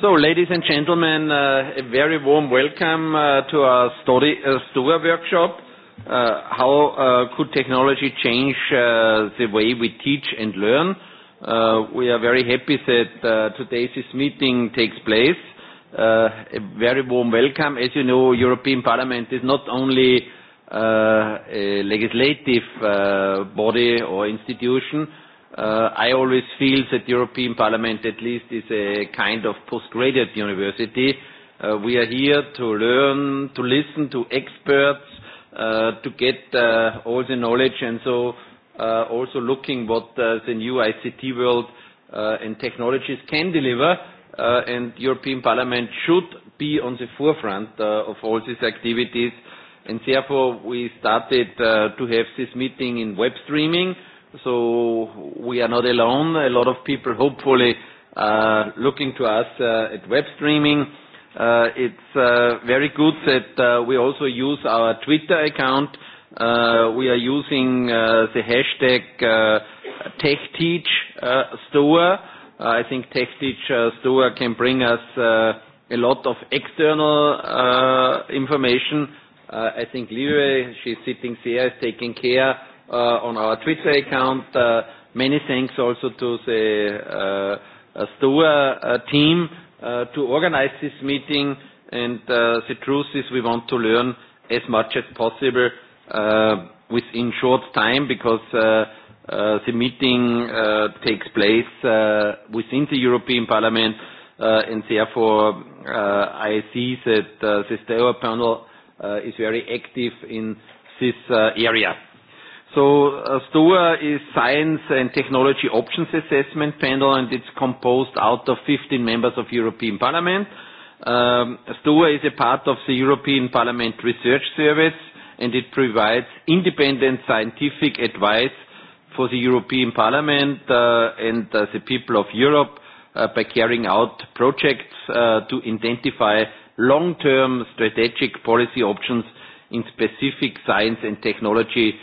So, ladies and gentlemen, a very warm welcome to our story, uh, workshop. how could technology change the way we teach and learn? we are very happy that uh, today's meeting takes place. a very warm welcome. As you know, European Parliament is not only a legislative body or institution, I always feel that European Parliament at least is a kind of postgraduate university. We are here to learn, to listen to experts, to get all the knowledge and so also looking what the new ICT world and technologies can deliver and European Parliament should be on the forefront of all these activities and therefore we started to have this meeting in web streaming so we are not alone. A lot of people hopefully are looking to us at web streaming. It's very good that we also use our Twitter account. We are using the hashtag Uh I think Store can bring us a lot of external information. I think lieve she's sitting there, is taking care on our Twitter account. Many thanks also to the STOA team to organize this meeting. And the truth is we want to learn as much as possible within short time because the meeting takes place within the European Parliament. And therefore, I see that the STOA panel is very active in this area. So STOA is Science and Technology Options Assessment Panel, and it's composed out of 15 members of European Parliament. STOA is a part of the European Parliament Research Service, and it provides independent scientific advice for the European Parliament and the people of Europe by carrying out projects to identify long-term strategic policy options in specific science and technology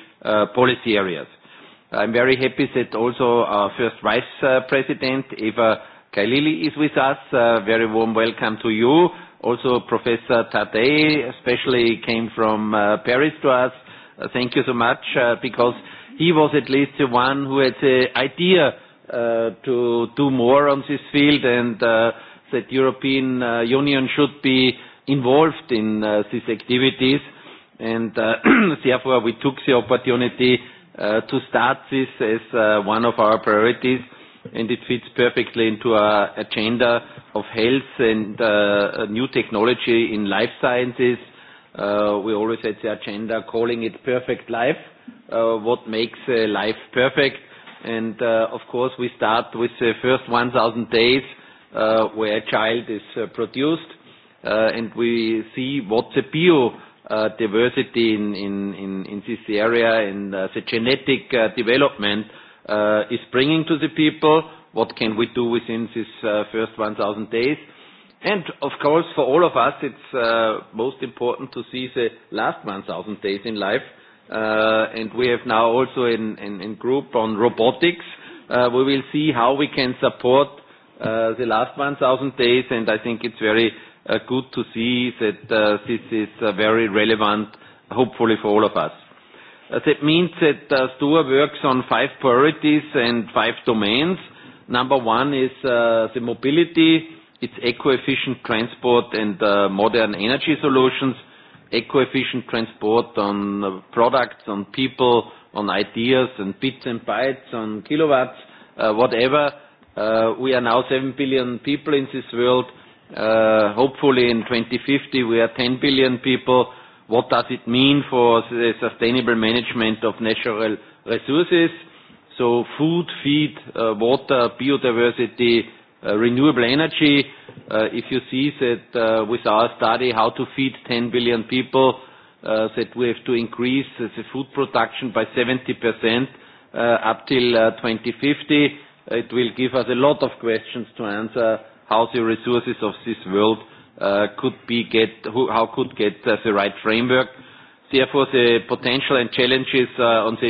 policy areas. I'm very happy that also our first Vice President, Eva Kailili, is with us. Very warm welcome to you. Also, Professor Tadei especially came from Paris to us. Thank you so much, because he was at least the one who had the idea to do more on this field and that European Union should be involved in these activities and therefore we took the opportunity to start this as one of our priorities, and it fits perfectly into our agenda of health and new technology in life sciences. We always had the agenda calling it perfect life, what makes life perfect. And of course, we start with the first 1,000 days where a child is produced, and we see what the bio diversity in this area and the genetic development is bringing to the people what can we do within this first 1000 days and of course for all of us it's most important to see the last 1000 days in life and we have now also in in group on robotics we will see how we can support the last 1000 days and i think it's very good to see that this is very relevant, hopefully, for all of us. That means that Ströer works on five priorities and five domains. Number one is the mobility. It's eco-efficient transport and modern energy solutions. Eco-efficient transport on products, on people, on ideas, and bits and bytes, on kilowatts, whatever. We are now 7 billion people in this world. Hopefully in 2050 we are 10 billion people. What does it mean for the sustainable management of natural resources? So food, feed, water, biodiversity, renewable energy. If you see that with our study how to feed 10 billion people, that we have to increase the food production by 70% up till 2050, it will give us a lot of questions to answer how the resources of this world could be get how could get the right framework. Therefore, the potential and challenges on the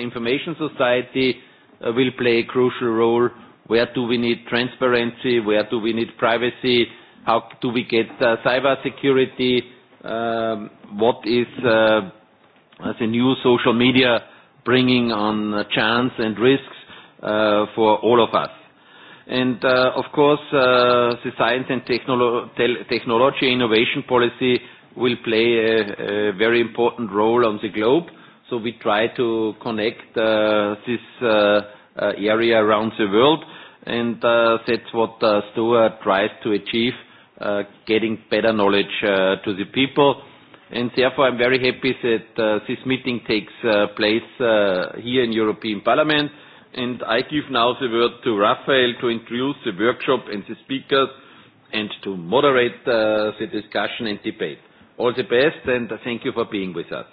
information society will play a crucial role. Where do we need transparency? Where do we need privacy? How do we get cyber security? What is the new social media bringing on chance and risks for all of us? And of course, the science and technology innovation policy will play a very important role on the globe. So we try to connect this area around the world, and that's what STOA tries to achieve, getting better knowledge to the people. And therefore, I'm very happy that this meeting takes place here in European Parliament and I give now the word to Raphael to introduce the workshop and the speakers and to moderate the discussion and debate. All the best, and thank you for being with us.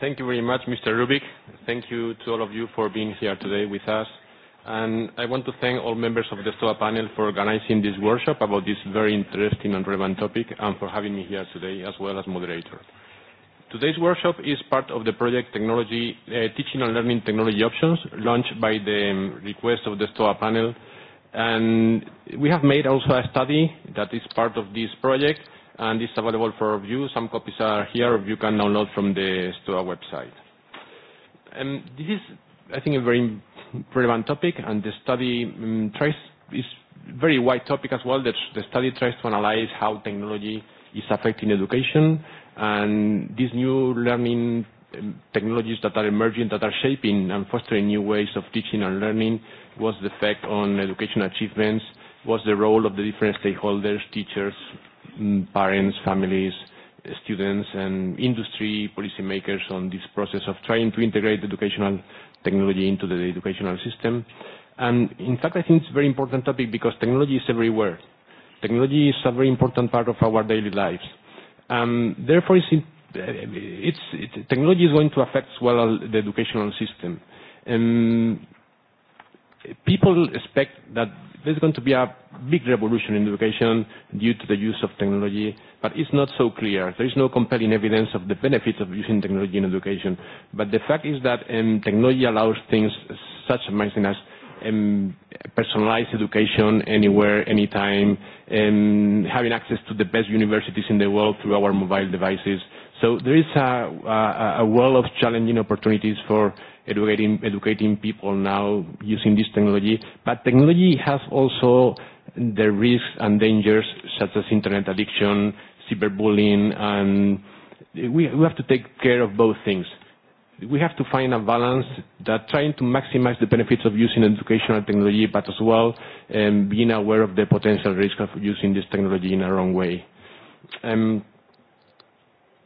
Thank you very much, Mr. Rubik. Thank you to all of you for being here today with us. And I want to thank all members of the STOA panel for organizing this workshop about this very interesting and relevant topic and for having me here today as well as moderator. Today's workshop is part of the project Technology Teaching and Learning Technology Options launched by the request of the STOA panel. And we have made also a study that is part of this project and is available for review. Some copies are here. You can download from the STOA website. this is, I think, a very relevant topic, and the study tries is very wide topic as well. The, the study tries to analyze how technology is affecting education, And these new learning technologies that are emerging, that are shaping and fostering new ways of teaching and learning, what's the effect on education achievements, what's the role of the different stakeholders, teachers, parents, families, students, and industry policymakers on this process of trying to integrate educational technology into the educational system. And in fact, I think it's a very important topic because technology is everywhere. Technology is a very important part of our daily lives therefore, it's, it's, technology is going to affect as well the educational system. Um, people expect that there's going to be a big revolution in education due to the use of technology, but it's not so clear. There is no compelling evidence of the benefits of using technology in education. But the fact is that um, technology allows things such amazing as personalized education anywhere, anytime, having access to the best universities in the world through our mobile devices. So there is a world of challenging opportunities for educating educating people now using this technology. But technology has also the risks and dangers such as internet addiction, cyberbullying, and we have to take care of both things we have to find a balance that trying to maximize the benefits of using educational technology, but as well being aware of the potential risk of using this technology in a wrong way. Um,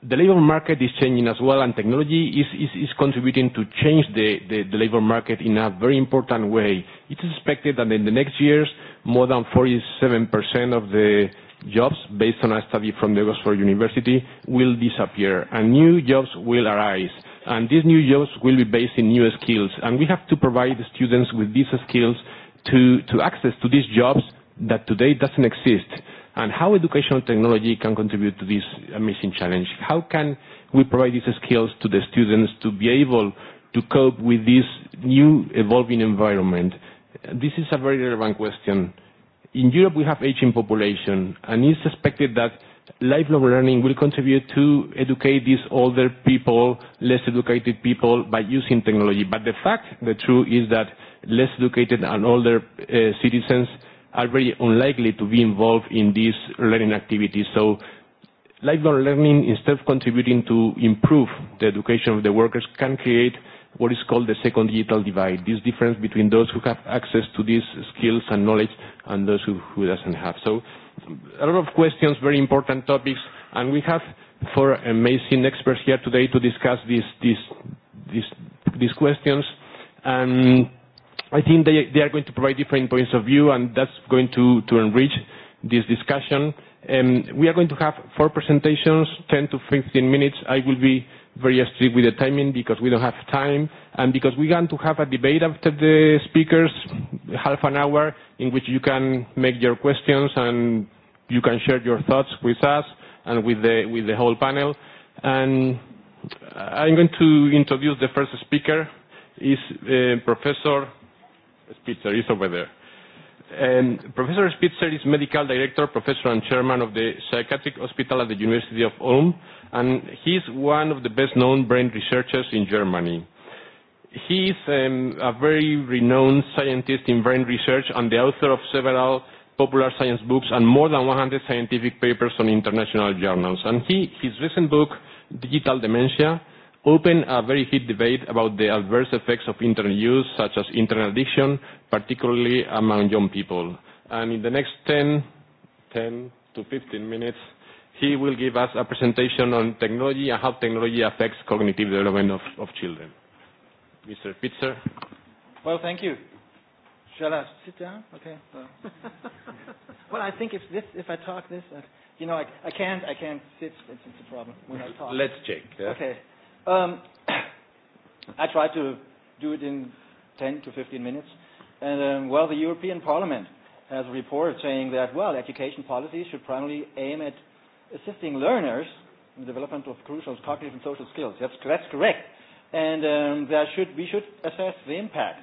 the labor market is changing as well, and technology is, is, is contributing to change the, the, the labor market in a very important way. It is expected that in the next years, more than 47% of the jobs, based on a study from the Oxford University, will disappear, and new jobs will arise And these new jobs will be based in new skills. And we have to provide the students with these skills to, to access to these jobs that today doesn't exist. And how educational technology can contribute to this amazing challenge. How can we provide these skills to the students to be able to cope with this new evolving environment? This is a very relevant question. In Europe, we have aging population, and it's expected that lifelong learning will contribute to educate these older people, less educated people by using technology. But the fact, the truth is that less educated and older citizens are very unlikely to be involved in these learning activities. So lifelong learning, instead of contributing to improve the education of the workers, can create what is called the second digital divide, this difference between those who have access to these skills and knowledge and those who, who doesn't have. So a lot of questions, very important topics, and we have four amazing experts here today to discuss these these these questions. And I think they they are going to provide different points of view, and that's going to to enrich this discussion. We are going to have four presentations, 10 to 15 minutes. I will be very strict with the timing because we don't have time and because we going to have a debate after the speakers, half an hour, in which you can make your questions and you can share your thoughts with us and with the, with the whole panel. And I'm going to introduce the first speaker, is Professor Spitzer, is over there. Professor Spitzer is medical director, professor and chairman of the psychiatric hospital at the University of Ulm, and he is one of the best known brain researchers in Germany. He is a very renowned scientist in brain research and the author of several popular science books and more than 100 scientific papers on international journals. And he, his recent book, Digital Dementia, Open a very heated debate about the adverse effects of internet use, such as internet addiction, particularly among young people. And in the next 10, 10 to 15 minutes, he will give us a presentation on technology and how technology affects cognitive development of, of children. Mr. Pitzer. Well, thank you. Shall I sit down? Okay. well, I think if this, if I talk this, you know, I, I can't, I can't sit. It's, it's a problem when I talk. Let's check. Okay. Um, I try to do it in 10 to 15 minutes. And, um, well, the European Parliament has a report saying that, well, education policies should primarily aim at assisting learners in the development of crucial cognitive and social skills. That's, that's correct. And um, there should, we should assess the impact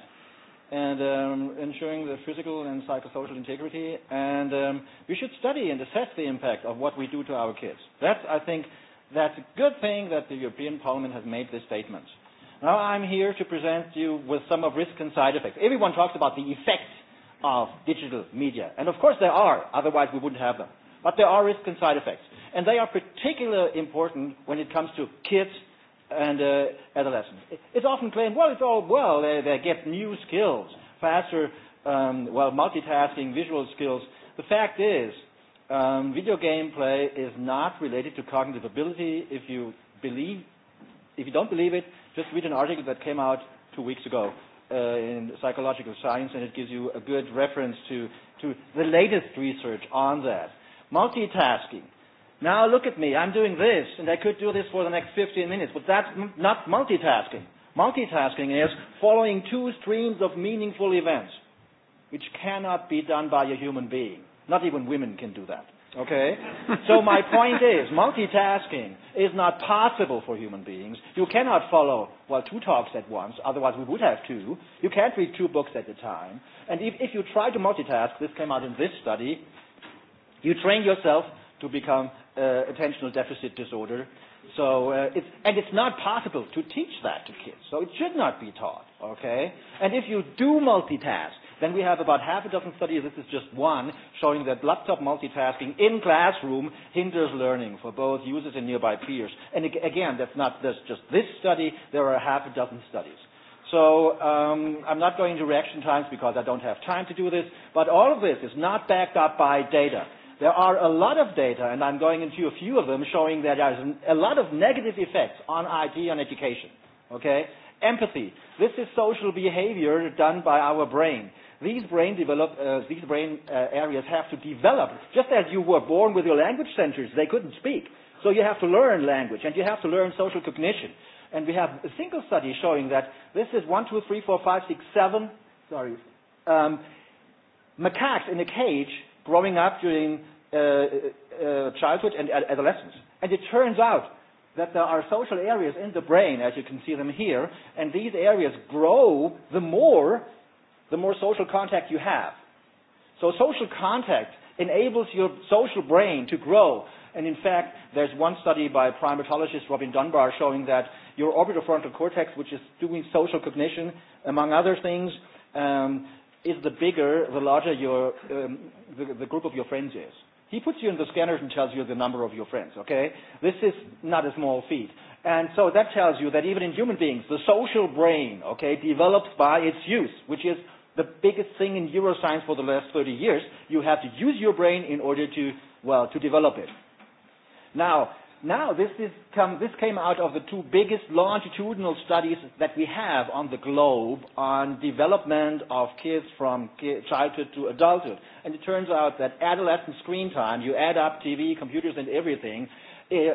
and um, ensuring the physical and psychosocial integrity. And um, we should study and assess the impact of what we do to our kids. That's, I think, That's a good thing that the European Parliament has made this statement. Now I'm here to present you with some of risk and side effects. Everyone talks about the effects of digital media, and of course there are, otherwise we wouldn't have them. But there are risk and side effects, and they are particularly important when it comes to kids and adolescents. It's often claimed, well, it's all well, they, they get new skills, faster, um, well, multitasking, visual skills. The fact is Um, video game play is not related to cognitive ability. If you believe, if you don't believe it, just read an article that came out two weeks ago uh, in Psychological Science, and it gives you a good reference to, to the latest research on that. Multitasking. Now look at me, I'm doing this, and I could do this for the next 15 minutes, but that's not multitasking. Multitasking is following two streams of meaningful events, which cannot be done by a human being. Not even women can do that. Okay? so my point is, multitasking is not possible for human beings. You cannot follow, well, two talks at once, otherwise we would have two. You can't read two books at a time. And if, if you try to multitask, this came out in this study, you train yourself to become uh, attentional deficit disorder. So uh, it's, and it's not possible to teach that to kids. So it should not be taught, okay? And if you do multitask, Then we have about half a dozen studies, this is just one, showing that laptop multitasking in classroom hinders learning for both users and nearby peers. And again, that's not that's just this study, there are half a dozen studies. So um, I'm not going into reaction times because I don't have time to do this, but all of this is not backed up by data. There are a lot of data, and I'm going into a few of them, showing that there's a lot of negative effects on IT on education. Okay? Empathy. This is social behavior done by our brain. These brain, develop, uh, these brain uh, areas have to develop. Just as you were born with your language centers, they couldn't speak. So you have to learn language and you have to learn social cognition. And we have a single study showing that this is one, two, three, four, five, six, seven. sorry, um, macaques in a cage growing up during uh, uh, childhood and adolescence. And it turns out that there are social areas in the brain, as you can see them here, and these areas grow the more the more social contact you have. So social contact enables your social brain to grow. And in fact, there's one study by primatologist Robin Dunbar showing that your orbitofrontal cortex, which is doing social cognition, among other things, um, is the bigger, the larger your, the, the group of your friends is. He puts you in the scanners and tells you the number of your friends, okay? This is not a small feat. And so that tells you that even in human beings, the social brain, okay, develops by its use, which is the biggest thing in neuroscience for the last 30 years. You have to use your brain in order to, well, to develop it. Now, now this, is come, this came out of the two biggest longitudinal studies that we have on the globe on development of kids from childhood to adulthood. And it turns out that adolescent screen time, you add up TV, computers, and everything,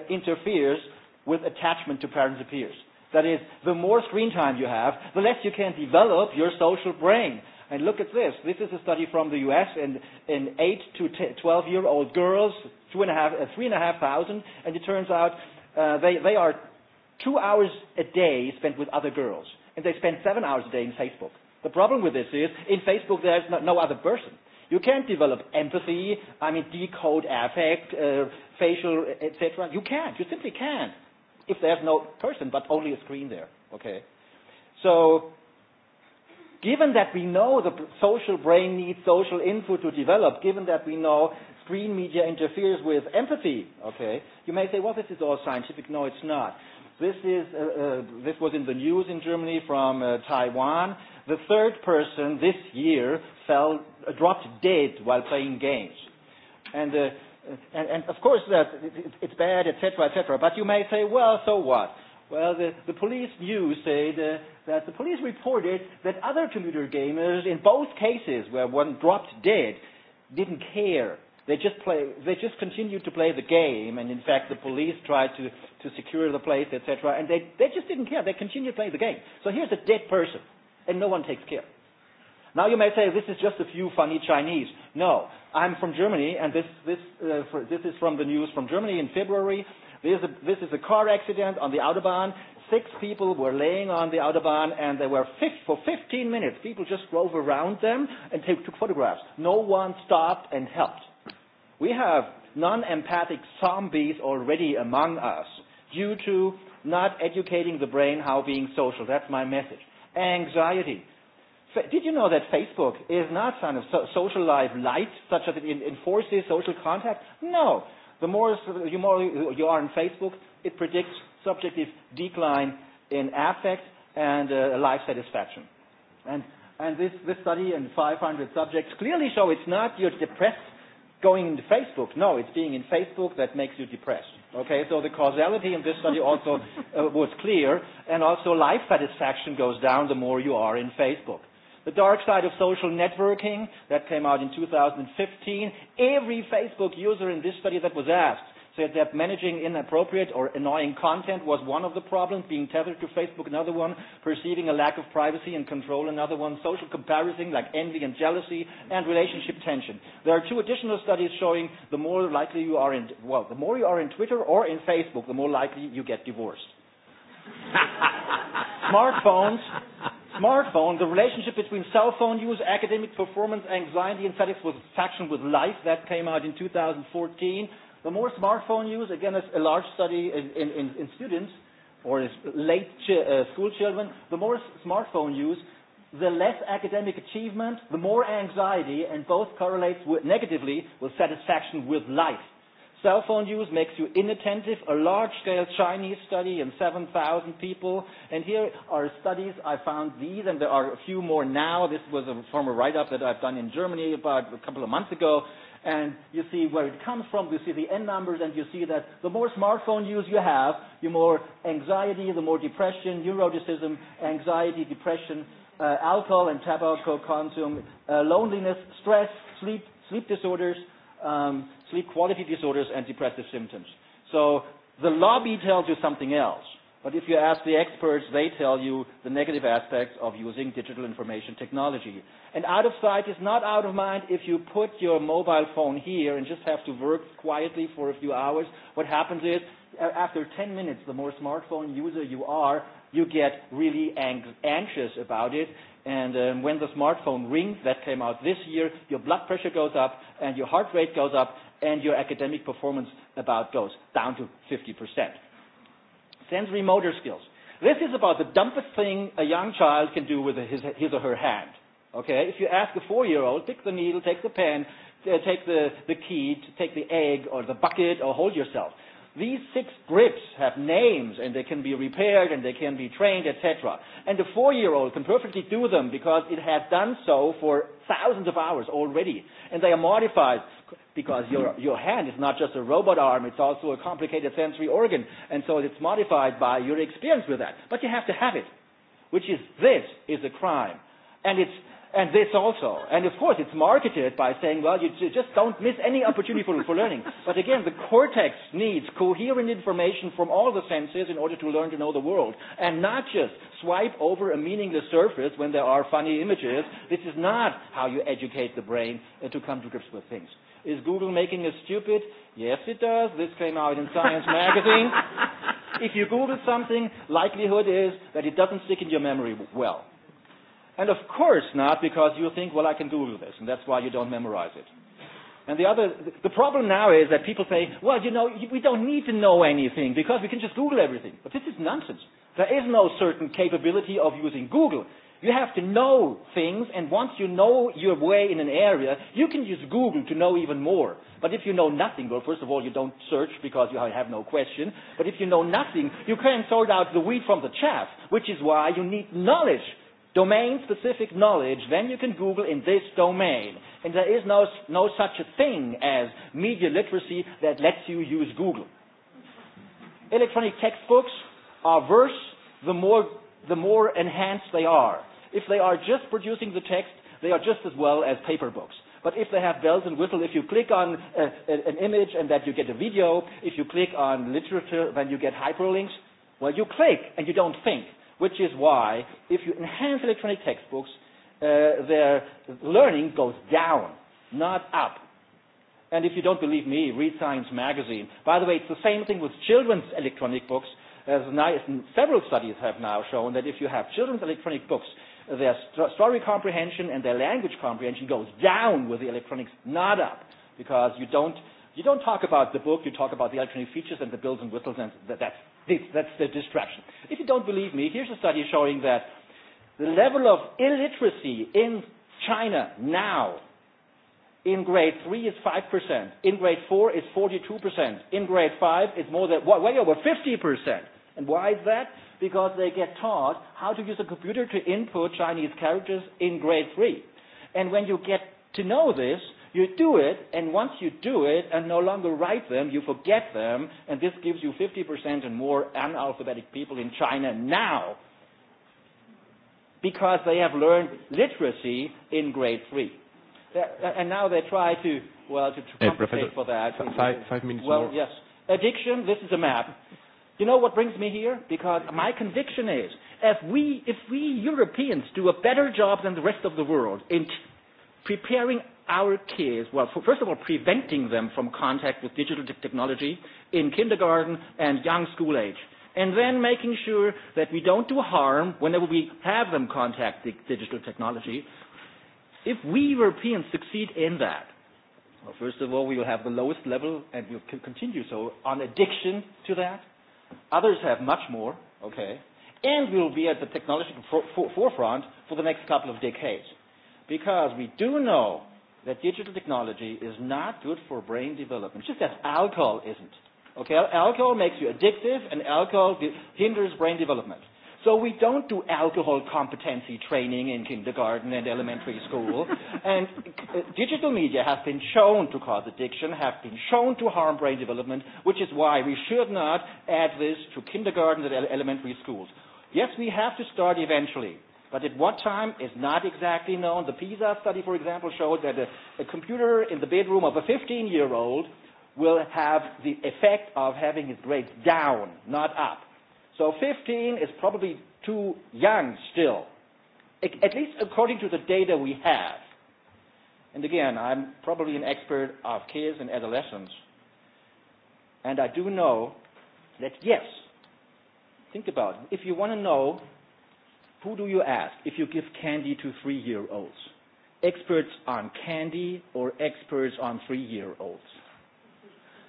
interferes with attachment to parents and peers. That is, the more screen time you have, the less you can develop your social brain. And look at this. This is a study from the U.S. and in eight to 12-year-old girls, two and a half, uh, three and a half thousand, and it turns out uh, they, they are two hours a day spent with other girls, and they spend seven hours a day in Facebook. The problem with this is, in Facebook, there's no, no other person. You can't develop empathy, I mean, decode affect, uh, facial, etc. You can't. You simply can't. If there's no person, but only a screen there. Okay. So Given that we know the social brain needs social input to develop, given that we know screen media interferes with empathy, okay, you may say, well, this is all scientific. No, it's not. This, is, this was in the news in Germany from Taiwan. The third person this year fell, dropped dead while playing games. And, and, and of course that it's bad, etc., etc. But you may say, well, so what? Well, the, the police news said uh, that the police reported that other computer gamers, in both cases where one dropped dead, didn't care. They just play. They just continued to play the game, and in fact, the police tried to, to secure the place, etc. And they, they just didn't care. They continued to play the game. So here's a dead person, and no one takes care. Now you may say this is just a few funny Chinese. No, I'm from Germany, and this this uh, this is from the news from Germany in February. This is, a, this is a car accident on the Autobahn. Six people were laying on the Autobahn and they were for 15 minutes. People just drove around them and took photographs. No one stopped and helped. We have non-empathic zombies already among us due to not educating the brain how being social. That's my message. Anxiety. Did you know that Facebook is not kind of social life light, such as it enforces social contact? No. The more you, more you are on Facebook, it predicts subjective decline in affect and life satisfaction. And, and this, this study and 500 subjects clearly show it's not you're depressed going into Facebook. No, it's being in Facebook that makes you depressed. Okay, so the causality in this study also was clear, and also life satisfaction goes down the more you are in Facebook. The dark side of social networking, that came out in 2015. Every Facebook user in this study that was asked said that managing inappropriate or annoying content was one of the problems, being tethered to Facebook another one, perceiving a lack of privacy and control another one, social comparison like envy and jealousy, and relationship tension. There are two additional studies showing the more likely you are in, well, the more you are in Twitter or in Facebook, the more likely you get divorced. Smartphones smartphone, the relationship between cell phone use, academic performance, anxiety, and satisfaction with life, that came out in 2014. The more smartphone use, again, it's a large study in, in, in students or late school children, the more smartphone use, the less academic achievement, the more anxiety, and both correlates with, negatively with satisfaction with life. Cell phone use makes you inattentive. A large-scale Chinese study in 7,000 people. And here are studies. I found these, and there are a few more now. This was a former write-up that I've done in Germany about a couple of months ago. And you see where it comes from. You see the end numbers, and you see that the more smartphone use you have, the more anxiety, the more depression, neuroticism, anxiety, depression, alcohol and tobacco consume, loneliness, stress, sleep, sleep disorders, um, sleep quality disorders and depressive symptoms. So the lobby tells you something else. But if you ask the experts, they tell you the negative aspects of using digital information technology. And out of sight is not out of mind if you put your mobile phone here and just have to work quietly for a few hours. What happens is, after 10 minutes, the more smartphone user you are, you get really anxious about it And when the smartphone rings, that came out this year, your blood pressure goes up and your heart rate goes up and your academic performance about goes down to 50%. Sensory motor skills. This is about the dumbest thing a young child can do with his, his or her hand. Okay, if you ask a four-year-old, pick the needle, take the pen, take the, the key, take the egg or the bucket or hold yourself. These six grips have names and they can be repaired and they can be trained, etc. And the four-year-old can perfectly do them because it has done so for thousands of hours already. And they are modified because your, your hand is not just a robot arm, it's also a complicated sensory organ. And so it's modified by your experience with that. But you have to have it, which is this is a crime. And it's And this also. And of course, it's marketed by saying, well, you just don't miss any opportunity for, for learning. But again, the cortex needs coherent information from all the senses in order to learn to know the world. And not just swipe over a meaningless surface when there are funny images. This is not how you educate the brain to come to grips with things. Is Google making us stupid? Yes, it does. This came out in Science Magazine. If you Google something, likelihood is that it doesn't stick in your memory well. And of course not, because you think, well, I can Google this, and that's why you don't memorize it. And the other, the problem now is that people say, well, you know, we don't need to know anything because we can just Google everything. But this is nonsense. There is no certain capability of using Google. You have to know things, and once you know your way in an area, you can use Google to know even more. But if you know nothing, well, first of all, you don't search because you have no question. But if you know nothing, you can't sort out the wheat from the chaff, which is why you need knowledge domain-specific knowledge, then you can Google in this domain. And there is no, no such a thing as media literacy that lets you use Google. Electronic textbooks are worse the more, the more enhanced they are. If they are just producing the text, they are just as well as paper books. But if they have bells and whistles, if you click on an image and that you get a video, if you click on literature, then you get hyperlinks, well, you click and you don't think which is why if you enhance electronic textbooks, their learning goes down, not up. And if you don't believe me, read Science magazine. By the way, it's the same thing with children's electronic books. As several studies have now shown that if you have children's electronic books, their story comprehension and their language comprehension goes down with the electronics, not up, because you don't You don't talk about the book, you talk about the electronic features and the bills and whistles, and that's, that's the distraction. If you don't believe me, here's a study showing that the level of illiteracy in China now in grade 3 is 5%, in grade 4 is 42%, in grade 5 is more than, way over 50%. And why is that? Because they get taught how to use a computer to input Chinese characters in grade 3. And when you get to know this, You do it, and once you do it and no longer write them, you forget them, and this gives you 50% and more analphabetic people in China now because they have learned literacy in grade three. And now they try to, well, to, compensate for that. Five, five minutes well, yes. Addiction, this is a map. You know what brings me here? Because my conviction is, if we, if we Europeans do a better job than the rest of the world in preparing our kids, well, first of all, preventing them from contact with digital technology in kindergarten and young school age. And then making sure that we don't do harm whenever we have them contact digital technology. If we Europeans succeed in that, well, first of all, we will have the lowest level, and we'll continue so, on addiction to that. Others have much more, okay. And we will be at the technological forefront for the next couple of decades. Because we do know that digital technology is not good for brain development, just as alcohol isn't. Okay, alcohol makes you addictive and alcohol hinders brain development. So we don't do alcohol competency training in kindergarten and elementary school. and digital media has been shown to cause addiction, have been shown to harm brain development, which is why we should not add this to kindergarten and elementary schools. Yes, we have to start eventually But at what time is not exactly known. The PISA study, for example, showed that a, a computer in the bedroom of a 15-year-old will have the effect of having his grades down, not up. So 15 is probably too young still, at least according to the data we have. And again, I'm probably an expert of kids and adolescents. And I do know that, yes, think about it. If you want to know Who do you ask if you give candy to three-year-olds? Experts on candy or experts on three-year-olds?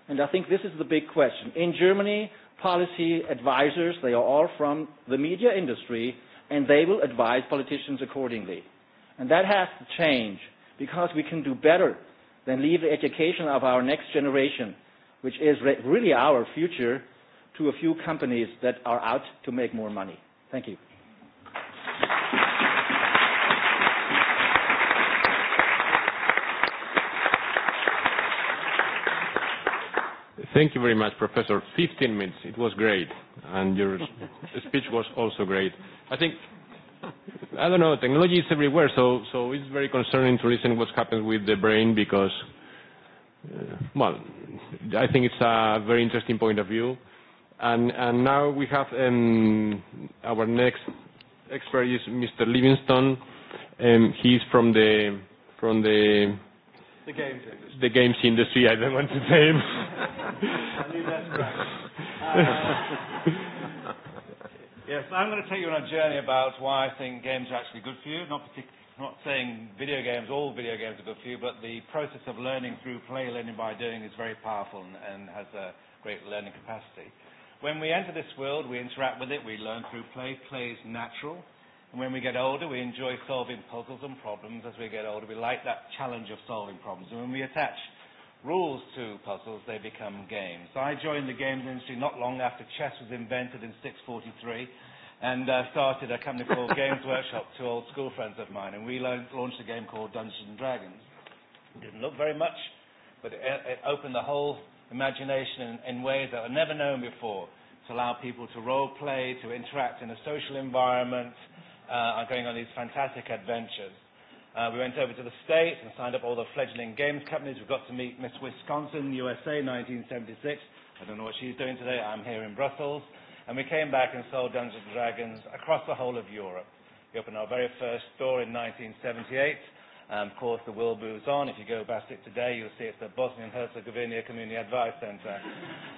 And I think this is the big question. In Germany, policy advisors, they are all from the media industry, and they will advise politicians accordingly. And that has to change because we can do better than leave the education of our next generation, which is really our future, to a few companies that are out to make more money. Thank you. Thank you very much, Professor. 15 minutes. It was great. And your speech was also great. I think, I don't know, technology is everywhere, so, so it's very concerning to listen what's happened with the brain because, well, I think it's a very interesting point of view. And, and now we have um, our next expert is Mr. Livingston. Um, he's from the, from the The games industry. The games industry, I don't want to Uh yes, I'm going to take you on a journey about why I think games are actually good for you. Not not saying video games, all video games are good for you, but the process of learning through play, learning by doing, is very powerful and, and has a great learning capacity. When we enter this world, we interact with it, we learn through play. Play is natural when we get older, we enjoy solving puzzles and problems. As we get older, we like that challenge of solving problems. And when we attach rules to puzzles, they become games. I joined the games industry not long after chess was invented in 643 and uh, started a company called Games Workshop to old school friends of mine. And we launched a game called Dungeons and Dragons. It didn't look very much, but it, it opened the whole imagination in, in ways that were never known before to allow people to role play, to interact in a social environment, are going on these fantastic adventures. We went over to the States and signed up all the fledgling games companies. We got to meet Miss Wisconsin, USA, 1976. I don't know what she's doing today. I'm here in Brussels. And we came back and sold Dungeons Dragons across the whole of Europe. We opened our very first store in 1978. Um, of course, the world moves on. If you go past it today, you'll see it's the Bosnia and Herzegovina Community Advice Center.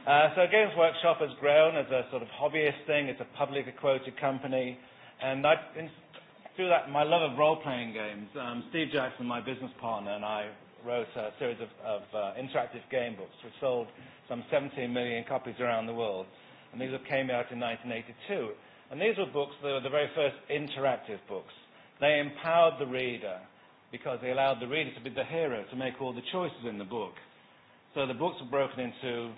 Uh, so Games Workshop has grown as a sort of hobbyist thing. It's a publicly quoted company. And I, in, through that, my love of role-playing games, um, Steve Jackson, my business partner, and I wrote a series of, of uh, interactive game books which sold some 17 million copies around the world. And these came out in 1982. And these were books that were the very first interactive books. They empowered the reader because they allowed the reader to be the hero, to make all the choices in the book. So the books were broken into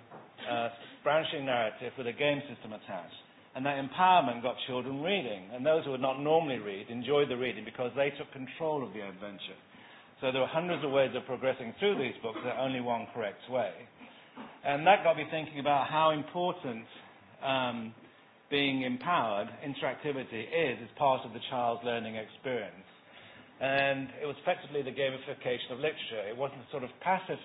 a branching narrative with a game system attached and that empowerment got children reading. And those who would not normally read enjoyed the reading because they took control of the adventure. So there were hundreds of ways of progressing through these books, there's only one correct way. And that got me thinking about how important um, being empowered, interactivity, is as part of the child's learning experience. And it was effectively the gamification of literature. It wasn't a sort of passive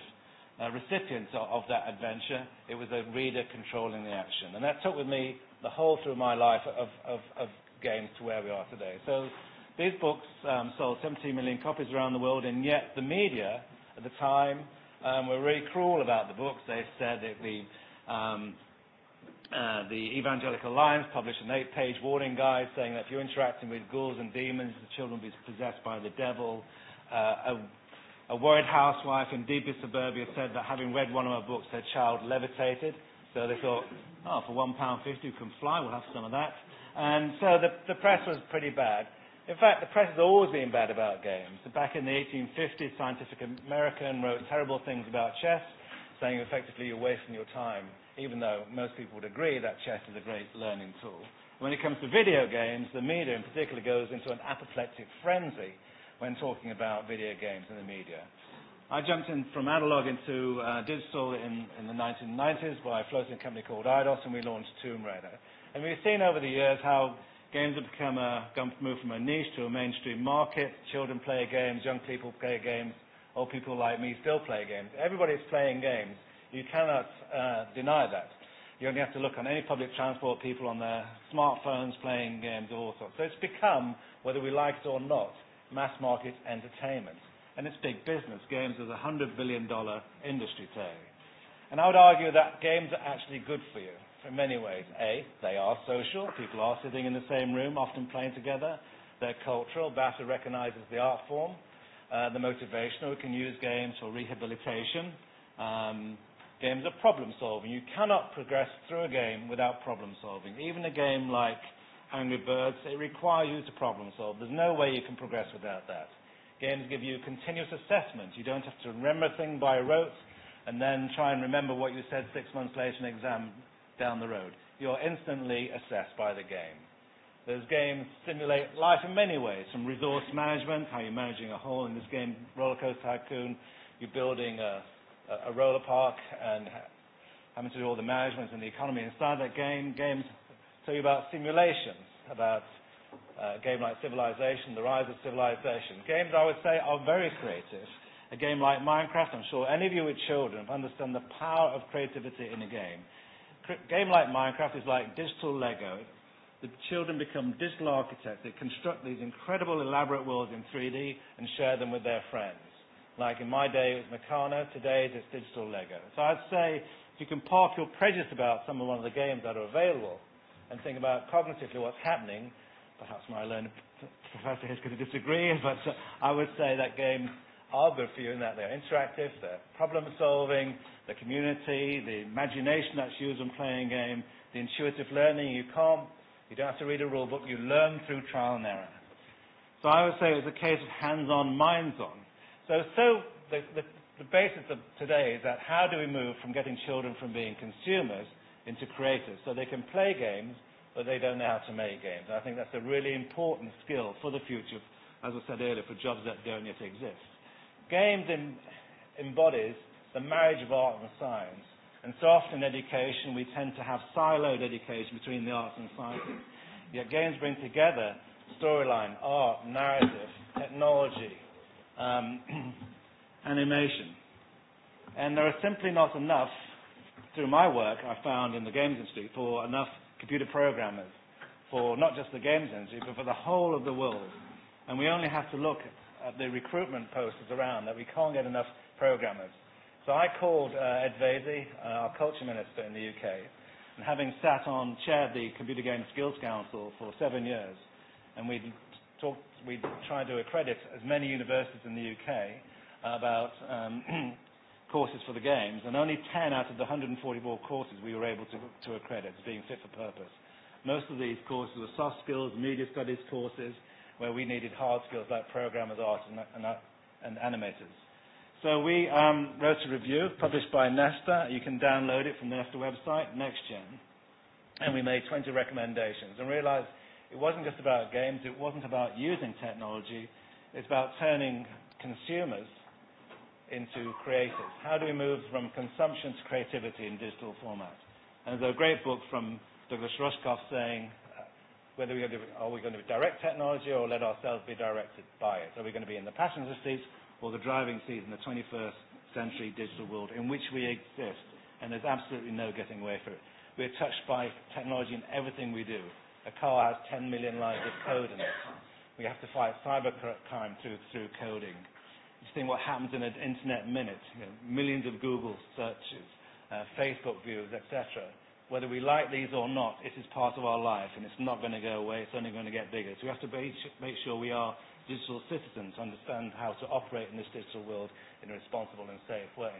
uh, recipient of, of that adventure. It was a reader controlling the action. And that took with me the whole through my life of, of, of games to where we are today. So these books um, sold 17 million copies around the world, and yet the media at the time um, were really cruel about the books. They said that the, um, uh, the Evangelical Alliance published an eight-page warning guide saying that if you're interacting with ghouls and demons, the children will be possessed by the devil. Uh, a a worried housewife in deepest suburbia said that having read one of our books, her child levitated So they thought, oh, for £1.50 we can fly, we'll have some of that. And so the, the press was pretty bad. In fact, the press has always been bad about games. Back in the 1850s, Scientific American wrote terrible things about chess, saying effectively you're wasting your time, even though most people would agree that chess is a great learning tool. When it comes to video games, the media in particular goes into an apoplectic frenzy when talking about video games in the media. I jumped in from analog into uh, digital in, in the 1990s by a floating company called IDOS, and we launched Tomb Raider. And we've seen over the years how games have become a, moved from a niche to a mainstream market. Children play games, young people play games, old people like me still play games. Everybody's playing games. You cannot uh, deny that. You only have to look on any public transport, people on their smartphones playing games of all sorts. So it's become, whether we like it or not, mass market entertainment and it's big business. Games is a hundred billion dollar industry today. And I would argue that games are actually good for you in many ways. A, they are social. People are sitting in the same room, often playing together. They're cultural. BATA recognizes the art form. Uh, the motivational. We can use games for rehabilitation. Um, games are problem solving. You cannot progress through a game without problem solving. Even a game like Angry Birds, it requires you to problem solve. There's no way you can progress without that. Games give you continuous assessment. You don't have to remember thing by rote and then try and remember what you said six months later in an exam down the road. You're instantly assessed by the game. Those games simulate life in many ways, from resource management, how you're managing a hole in this game, Roller Coaster Tycoon, you're building a, a roller park and having to do all the management and the economy inside that game. Games tell you about simulations, about A game like Civilization, The Rise of Civilization. Games I would say are very creative. A game like Minecraft, I'm sure any of you with children understand the power of creativity in a game. A game like Minecraft is like digital Lego. The children become digital architects. They construct these incredible elaborate worlds in 3D and share them with their friends. Like in my day it was Meccano, today it's digital Lego. So I'd say if you can park your prejudice about some of one of the games that are available and think about cognitively what's happening perhaps my learned professor is going to disagree, but I would say that games are good for you in that they're interactive, they're problem solving, the community, the imagination that's used in playing a game, the intuitive learning, you can't, you don't have to read a rule book, you learn through trial and error. So I would say it's a case of hands-on, minds-on. So, so the, the, the basis of today is that how do we move from getting children from being consumers into creators so they can play games but they don't know how to make games. I think that's a really important skill for the future, as I said earlier, for jobs that don't yet exist. Games embodies the marriage of art and science. And so often in education, we tend to have siloed education between the arts and sciences. Yet games bring together storyline, art, narrative, technology, um, animation. And there are simply not enough, through my work I found in the Games industry for enough computer programmers for not just the games industry, but for the whole of the world. And we only have to look at the recruitment posters around that we can't get enough programmers. So I called Ed Vasey, our culture minister in the UK, and having sat on, chaired the Computer Games Skills Council for seven years, and we talked, we tried to accredit as many universities in the UK about courses for the Games, and only 10 out of the 144 courses we were able to, to accredit as being fit for purpose. Most of these courses were soft skills, media studies courses, where we needed hard skills like programmers, art, and, and, animators. So we um, wrote a review published by Nesta. You can download it from the Nesta website, NextGen. And we made 20 recommendations and realized it wasn't just about games, it wasn't about using technology, it's about turning consumers into creators. How do we move from consumption to creativity in digital format? And there's a great book from Douglas Rushkoff saying whether we are we going to direct technology or let ourselves be directed by it? Are we going to be in the passenger seats or the driving seats in the 21st century digital world in which we exist? And there's absolutely no getting away from it. We're touched by technology in everything we do. A car has 10 million lines of code in it. We have to fight cyber crime through, through coding seeing what happens in an internet minute. You know, millions of Google searches, uh, Facebook views, etc. Whether we like these or not, it is part of our life and it's not going to go away. It's only going to get bigger. So we have to make sure we are digital citizens, understand how to operate in this digital world in a responsible and safe way.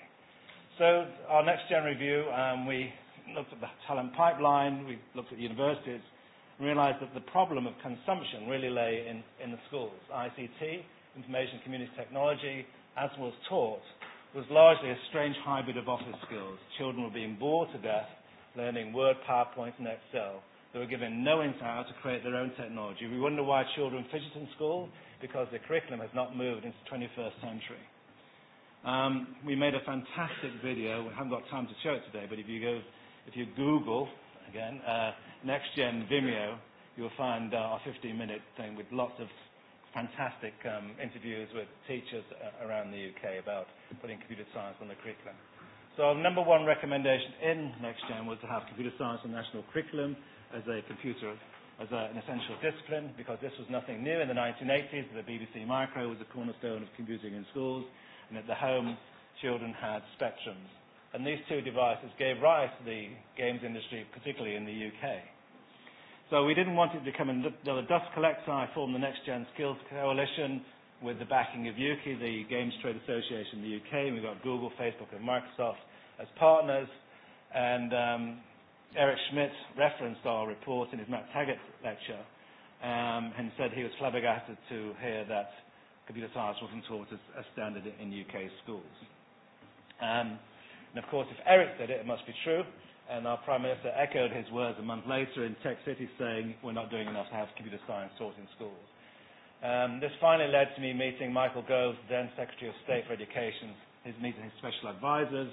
So our next gen review, um, we looked at the talent pipeline, we looked at universities, and realized that the problem of consumption really lay in, in the schools. ICT, information community technology, as was taught, was largely a strange hybrid of office skills. Children were being bored to death learning Word, PowerPoint, and Excel. They were given no insight how to create their own technology. We wonder why children fidget in school, because the curriculum has not moved into the 21st century. Um, we made a fantastic video. We haven't got time to show it today, but if you go, if you Google, again, uh, Next Gen Vimeo, you'll find our 15-minute thing with lots of fantastic um, interviews with teachers around the UK about putting computer science on the curriculum. So our number one recommendation in NextGen was to have computer science on the national curriculum as a computer, as a, an essential discipline, because this was nothing new. In the 1980s, the BBC Micro was a cornerstone of computing in schools, and at the home, children had spectrums. And these two devices gave rise to the games industry, particularly in the UK. So we didn't want it to become another dust collector. I formed the Next Gen Skills Coalition with the backing of UKI, the Games Trade Association in the UK, we've got Google, Facebook, and Microsoft as partners. And um, Eric Schmidt referenced our report in his Matt Taggart lecture um, and said he was flabbergasted to hear that computer science wasn't taught as a standard in UK schools. Um, and of course, if Eric said it, it must be true. And our Prime Minister echoed his words a month later in Tech City saying, we're not doing enough to have computer science taught in schools. Um, this finally led to me meeting Michael Gove, then Secretary of State for Education, his meeting his special advisors,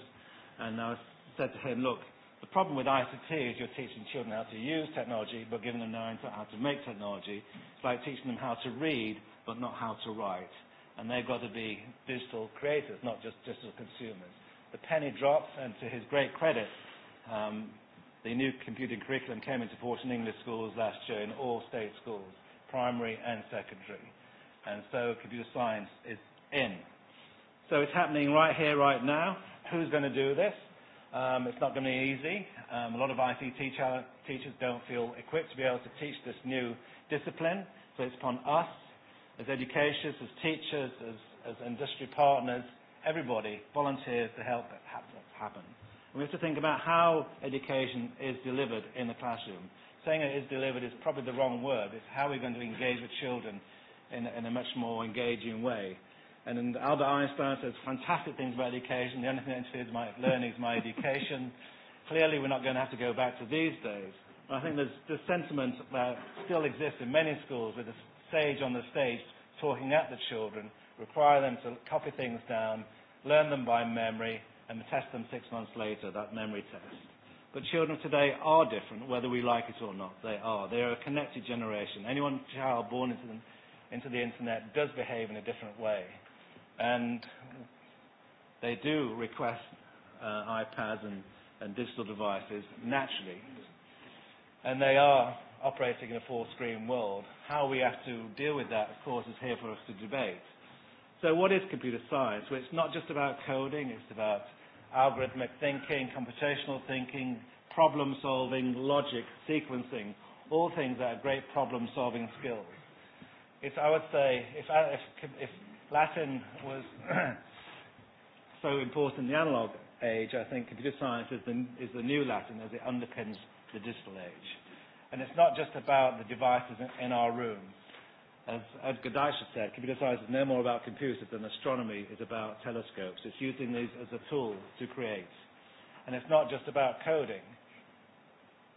and I said to him, look, the problem with ICT is you're teaching children how to use technology, but giving them no how to make technology. It's like teaching them how to read, but not how to write. And they've got to be digital creators, not just digital consumers. The penny drops, and to his great credit, Um, the new computing curriculum came into force in English schools last year in all state schools, primary and secondary. And so computer science is in. So it's happening right here, right now. Who's going to do this? Um, it's not going to be easy. Um, a lot of ICT teachers don't feel equipped to be able to teach this new discipline. So it's upon us, as educators, as teachers, as, as industry partners, everybody volunteers to help it happen. We have to think about how education is delivered in the classroom. Saying it is delivered is probably the wrong word. It's how we're going to engage with children in, in a much more engaging way. And, Albert Einstein says fantastic things about education. The only thing that interferes with my learning is my education. Clearly, we're not going to have to go back to these days. But I think there's the sentiment that still exists in many schools with a sage on the stage talking at the children, require them to copy things down, learn them by memory, and test them six months later, that memory test. But children today are different, whether we like it or not. They are. They are a connected generation. Anyone child born into the, into the internet does behave in a different way. And they do request uh, iPads and, and digital devices naturally. And they are operating in a full screen world. How we have to deal with that, of course, is here for us to debate. So what is computer science? Well, it's not just about coding. It's about algorithmic thinking, computational thinking, problem solving, logic, sequencing, all things that are great problem solving skills. It's, I would say, if, if, if Latin was so important in the analog age, I think computer science is the, is the new Latin as it underpins the digital age. And it's not just about the devices in our rooms. As Edgar Gadaisha said, computer science is no more about computers than astronomy is about telescopes. It's using these as a tool to create. And it's not just about coding.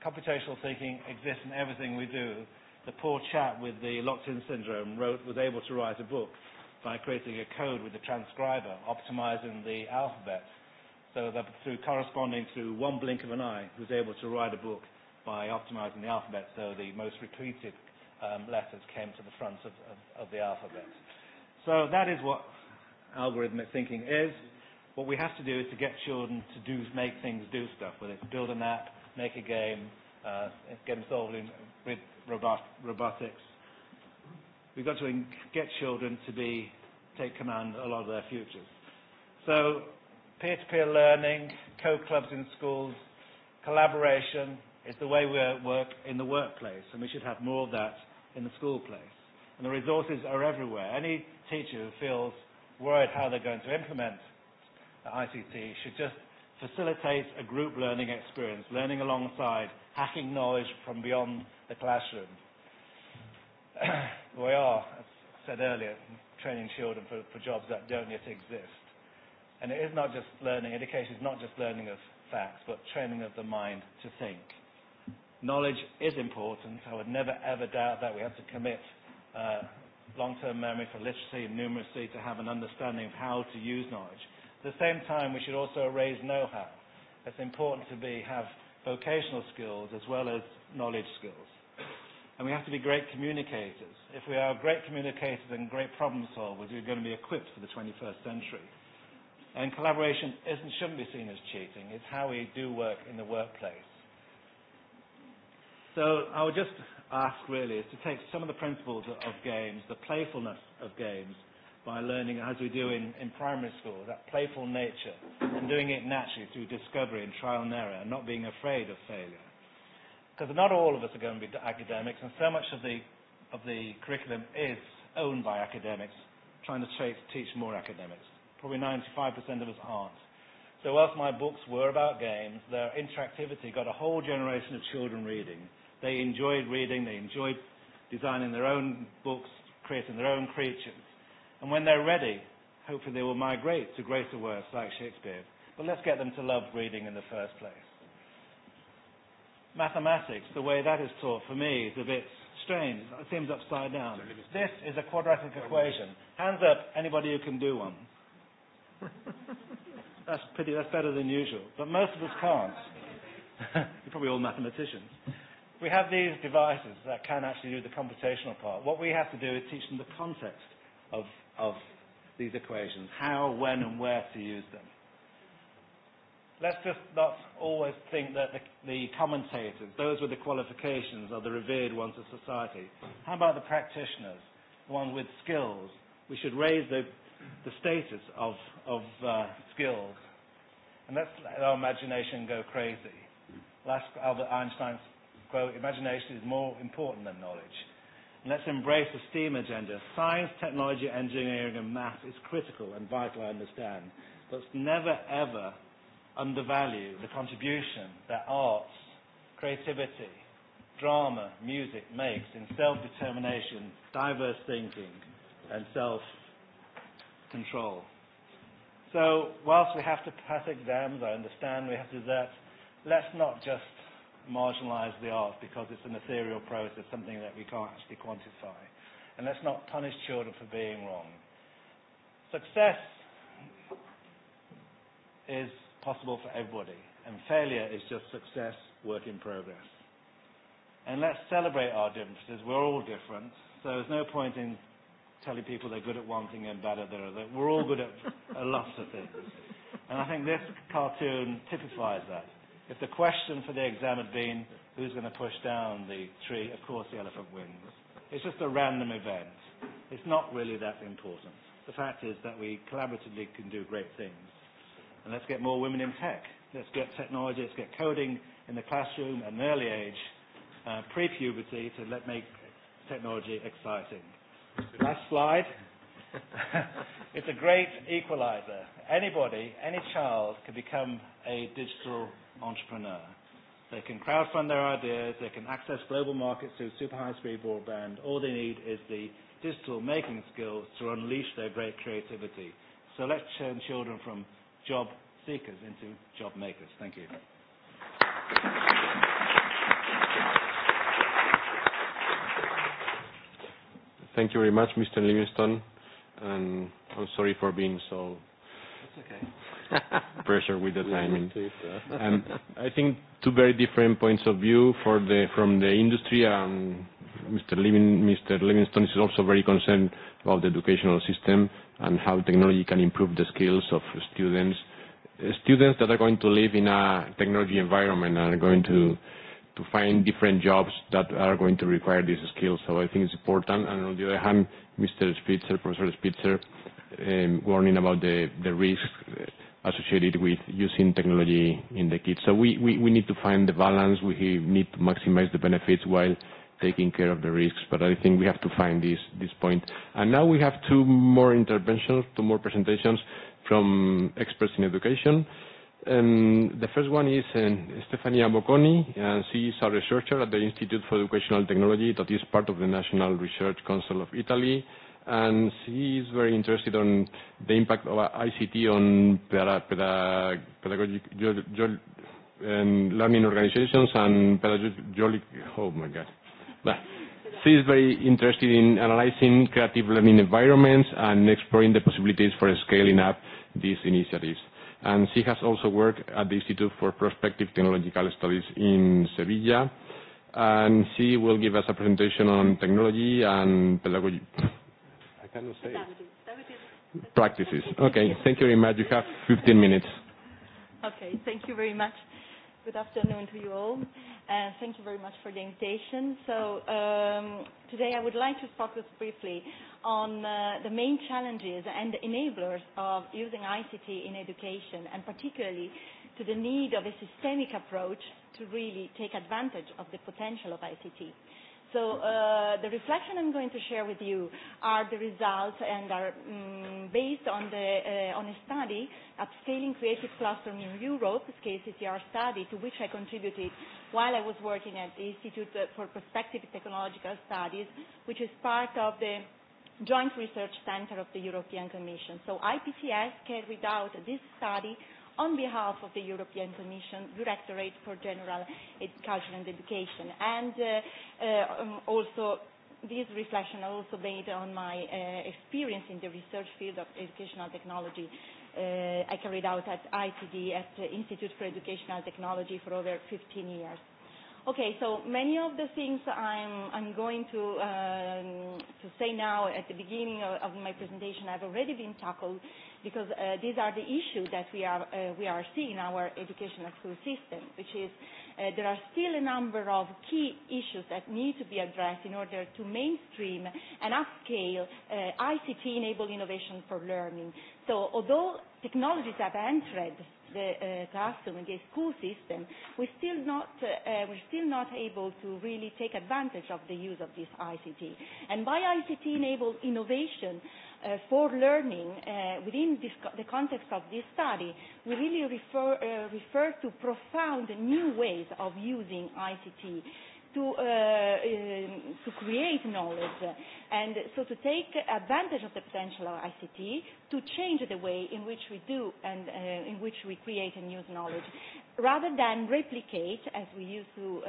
Computational thinking exists in everything we do. The poor chap with the locked-in syndrome wrote, was able to write a book by creating a code with a transcriber, optimizing the alphabet, so that through corresponding through one blink of an eye, he was able to write a book by optimizing the alphabet so the most repeated um, letters came to the front of, of, of the alphabet. So that is what algorithmic thinking is. What we have to do is to get children to do make things do stuff, whether it's build an app, make a game, uh, get involved in with robotics. We've got to get children to be take command of a lot of their futures. So peer-to-peer learning, co-clubs in schools, collaboration is the way we work in the workplace, and we should have more of that in the school place. And the resources are everywhere. Any teacher who feels worried how they're going to implement ICT should just facilitate a group learning experience, learning alongside, hacking knowledge from beyond the classroom. we are, as I said earlier, training children for, for jobs that don't yet exist. And it is not just learning, education is not just learning of facts, but training of the mind to think knowledge is important. I would never ever doubt that. We have to commit uh, long-term memory for literacy and numeracy to have an understanding of how to use knowledge. At the same time, we should also raise know-how. It's important to be, have vocational skills as well as knowledge skills. And we have to be great communicators. If we are great communicators and great problem solvers, we're going to be equipped for the 21st century. And collaboration isn't, shouldn't be seen as cheating. It's how we do work in the workplace So I would just ask really is to take some of the principles of games, the playfulness of games, by learning as we do in, in primary school, that playful nature, and doing it naturally through discovery and trial and error, and not being afraid of failure. Because not all of us are going to be academics, and so much of the, of the curriculum is owned by academics, trying to teach more academics. Probably 95% of us aren't. So whilst my books were about games, their interactivity got a whole generation of children reading They enjoyed reading, they enjoyed designing their own books, creating their own creatures, And when they're ready, hopefully they will migrate to greater works like Shakespeare. But let's get them to love reading in the first place. Mathematics, the way that is taught for me is a bit strange. It seems upside down. This is a quadratic equation. Hands up, anybody who can do one. that's pretty, that's better than usual. But most of us can't. You're probably all mathematicians. We have these devices that can actually do the computational part. What we have to do is teach them the context of, of these equations, how, when, and where to use them. Let's just not always think that the, the commentators, those with the qualifications, are the revered ones of society. How about the practitioners, the ones with skills? We should raise the, the status of, of uh, skills and let's let our imagination go crazy. Last Albert Einstein's quote, imagination is more important than knowledge. let's embrace the STEAM agenda. Science, technology, engineering and math is critical and vital, I understand. But never, ever undervalue the contribution that arts, creativity, drama, music makes in self-determination, diverse thinking and self-control. So whilst we have to pass exams, I understand we have to do that, let's not just marginalize the art because it's an ethereal process, something that we can't actually quantify. And let's not punish children for being wrong. Success is possible for everybody, and failure is just success, work in progress. And let's celebrate our differences. We're all different, so there's no point in telling people they're good at one thing and bad at the other. We're all good at lots of things. And I think this cartoon typifies that if the question for the exam had been who's going to push down the tree, of course the elephant wins. It's just a random event. It's not really that important. The fact is that we collaboratively can do great things. And let's get more women in tech. Let's get technology, let's get coding in the classroom at an early age, pre-puberty, to let make technology exciting. Last slide. it's a great equalizer. Anybody, any child, can become a digital entrepreneur. They can crowdfund their ideas, they can access global markets through super high-speed broadband. All they need is the digital making skills to unleash their great creativity. So let's turn children from job seekers into job makers. Thank you. Thank you very much, Mr. Livingstone, and I'm sorry for being so. That's okay pressure with the timing. And I think two very different points of view for the from the industry. Um, Mr. Living, Mr. Livingstone is also very concerned about the educational system and how technology can improve the skills of students. Students that are going to live in a technology environment are going to to find different jobs that are going to require these skills. So I think it's important. And on the other hand, Mr. Spitzer, Professor Spitzer, warning about the the risks associated with using technology in the kids. So we, we, we need to find the balance. We need to maximize the benefits while taking care of the risks. But I think we have to find this, this point. And now we have two more interventions, two more presentations from experts in education. And the first one is Stefania Bocconi, she is a researcher at the Institute for Educational Technology that is part of the National Research Council of Italy and she is very interested on the impact of ICT on pedagogical learning organizations and pedagogical. Oh my God. She is very interested in analyzing creative learning environments and exploring the possibilities for scaling up these initiatives. And she has also worked at the Institute for Prospective Technological Studies in Sevilla. And she will give us a presentation on technology and pedagogy say? Practices. Okay, thank you very much. You have 15 minutes. Okay, thank you very much. Good afternoon to you all. and Thank you very much for the invitation. So um, today I would like to focus briefly on the main challenges and the enablers of using ICT in education and particularly to the need of a systemic approach to really take advantage of the potential of ICT. So the reflection I'm going to share with you are the results and are based on the on a study scaling creative classroom in Europe, this KCCR study to which I contributed while I was working at the Institute for Prospective Technological Studies, which is part of the Joint Research Center of the European Commission. So IPCS carried out this study on behalf of the European Commission Directorate for General Culture and Education. And also this reflection are also based on my experience in the research field of educational technology. I carried out at ITD at the Institute for Educational Technology for over 15 years. Okay, so many of the things I'm, I'm going to, to say now at the beginning of, of my presentation have already been tackled because uh, these are the issues that we are, uh, we are seeing in our educational school system, which is uh, there are still a number of key issues that need to be addressed in order to mainstream and upscale uh, ICT-enabled innovation for learning. So although technologies have entered the classroom and the school system, we're still not we're still not able to really take advantage of the use of this ICT. And by ICT enabled innovation for learning within the context of this study, we really refer refer to profound new ways of using ICT to to create knowledge and so to take advantage of the potential of ICT to change the way in which we do and in which we create and use knowledge rather than replicate as we used to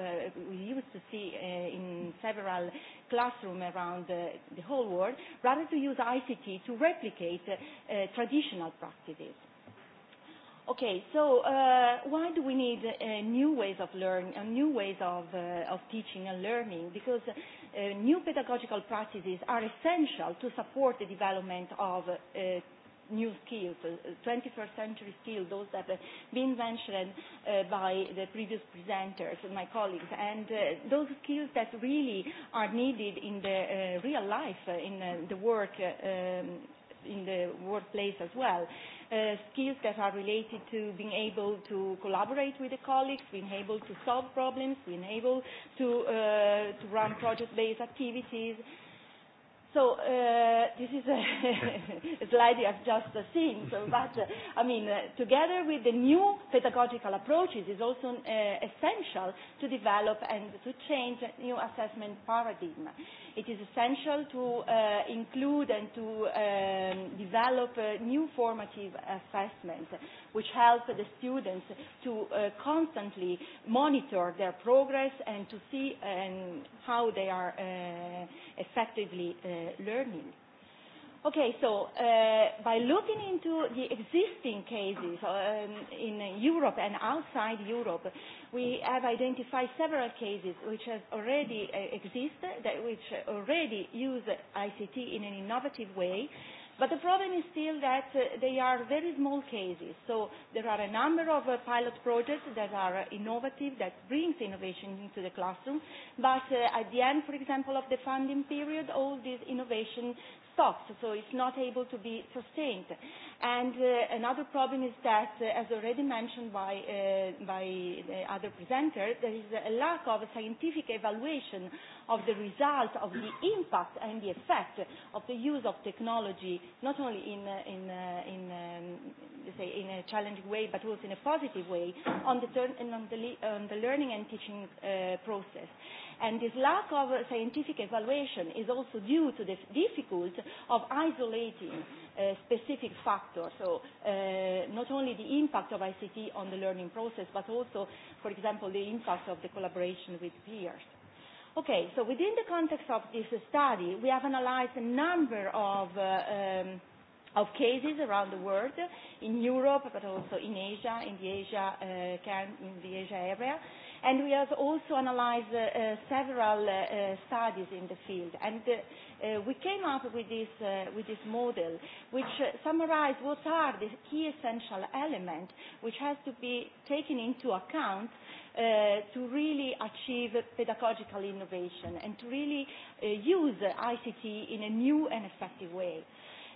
we used to see in several classrooms around the whole world rather to use ICT to replicate traditional practices Okay, so uh, why do we need uh, new ways of learning and new ways of, uh, of teaching and learning? Because uh, new pedagogical practices are essential to support the development of uh, new skills, 21st century skills, those that have been mentioned uh, by the previous presenters and my colleagues, and uh, those skills that really are needed in the uh, real life, in uh, the work um, in the workplace as well. Skills that are related to being able to collaborate with the colleagues, being able to solve problems, being able to to run project-based activities. So this is a slide you have just seen. So, but I mean, together with the new pedagogical approaches, is also essential to develop and to change a new assessment paradigm it is essential to include and to develop new formative assessments which help the students to constantly monitor their progress and to see how they are effectively learning. Okay, so uh, by looking into the existing cases in Europe and outside Europe, we have identified several cases which have already exist, that which already use ICT in an innovative way. But the problem is still that they are very small cases. So there are a number of pilot projects that are innovative, that brings innovation into the classroom. But at the end, for example, of the funding period, all these innovation stocks, so it's not able to be sustained. And another problem is that, as already mentioned by by the other presenter, there is a lack of scientific evaluation of the result of the impact and the effect of the use of technology, not only in in in say in a challenging way, but also in a positive way on the on the learning and teaching process. And this lack of scientific evaluation is also due to the difficulty of isolating specific factors, so not only the impact of ICT on the learning process, but also, for example, the impact of the collaboration with peers. Okay, so within the context of this study, we have analyzed a number of of cases around the world, in Europe, but also in Asia, in the Asia, in the Asia area. And we have also analyzed several studies in the field. And we came up with this, with this model, which summarized what are the key essential elements which has to be taken into account to really achieve pedagogical innovation and to really use ICT in a new and effective way.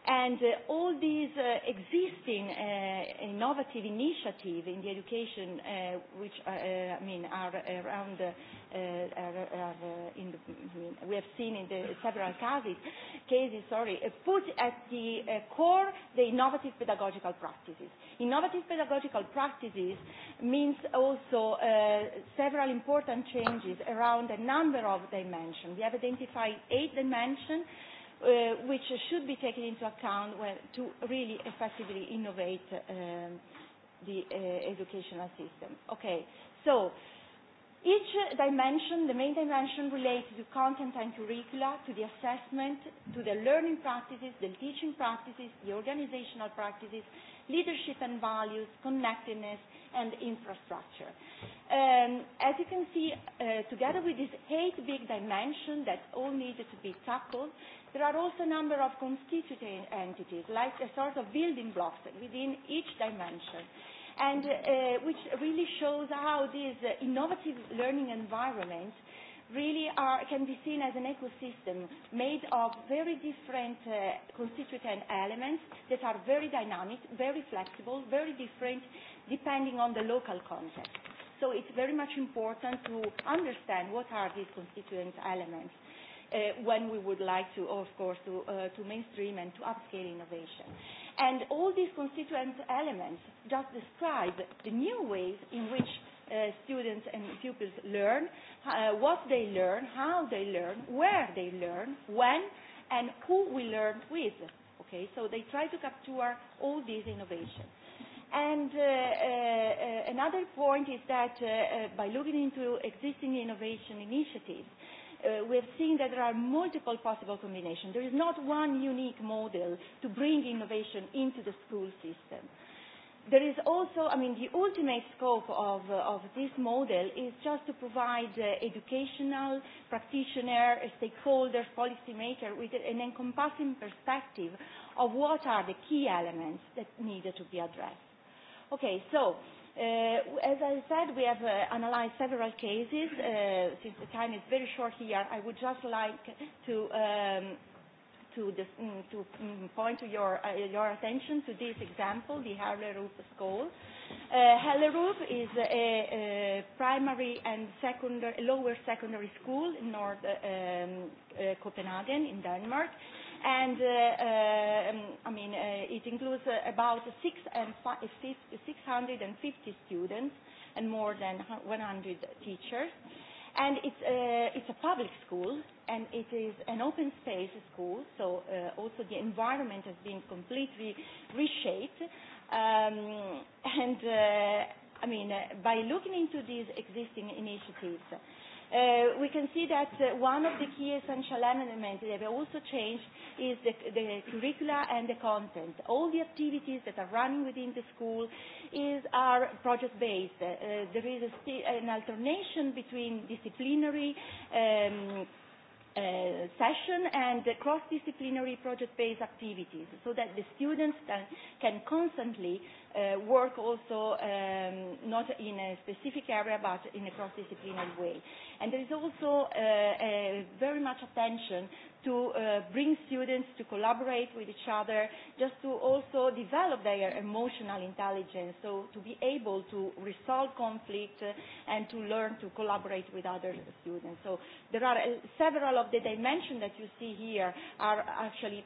And all these existing innovative initiatives in the education, which I mean are around, in the, we have seen in the several cases, cases sorry, put at the core the innovative pedagogical practices. Innovative pedagogical practices means also several important changes around a number of dimensions. We have identified eight dimensions which should be taken into account when to really effectively innovate the educational system. Okay, so Each dimension, the main dimension relates to content and curricula, to the assessment, to the learning practices, the teaching practices, the organizational practices, leadership and values, connectedness, and infrastructure. As you can see, together with these eight big dimensions that all needed to be tackled, there are also a number of constituent entities, like a sort of building blocks within each dimension and which really shows how these innovative learning environments really are, can be seen as an ecosystem made of very different constituent elements that are very dynamic, very flexible, very different depending on the local context. So it's very much important to understand what are these constituent elements when we would like to, of course, to, to mainstream and to upscale innovation. And all these constituent elements just describe the new ways in which students and pupils learn, what they learn, how they learn, where they learn, when, and who we learn with. Okay, so they try to capture all these innovations. And another point is that by looking into existing innovation initiatives, we have seen that there are multiple possible combinations. There is not one unique model to bring innovation into the school system. There is also, I mean, the ultimate scope of, of this model is just to provide educational, practitioner, stakeholders, policymakers with an encompassing perspective of what are the key elements that need to be addressed. Okay, so As I said, we have analyzed several cases. Since the time is very short here, I would just like to to to point to your your attention to this example, the Hellerup School. Hellerup is a primary and secondary lower secondary school in North Copenhagen in Denmark and I mean it includes about and 650 students and more than 100 teachers and it's it's a public school and it is an open space school so also the environment has been completely reshaped um and I mean by looking into these existing initiatives we can see that one of the key essential elements that have also changed is the, the curricula and the content. All the activities that are running within the school is, are project-based. there is an alternation between disciplinary um, session and cross-disciplinary project-based activities so that the students can constantly work also not in a specific area but in a cross-disciplinary way. And there is also very much attention to bring students to collaborate with each other, just to also develop their emotional intelligence, so to be able to resolve conflict and to learn to collaborate with other students. So there are several of the dimensions that you see here are actually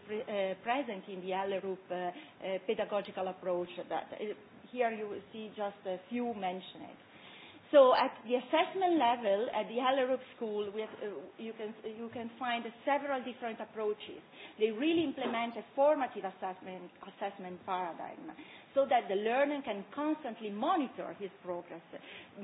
present in the LROOP pedagogical approach. That Here you will see just a few mentioned. So at the assessment level, at the Hellerup School, we you, can, you can find several different approaches. They really implement a formative assessment, assessment paradigm so that the learner can constantly monitor his progress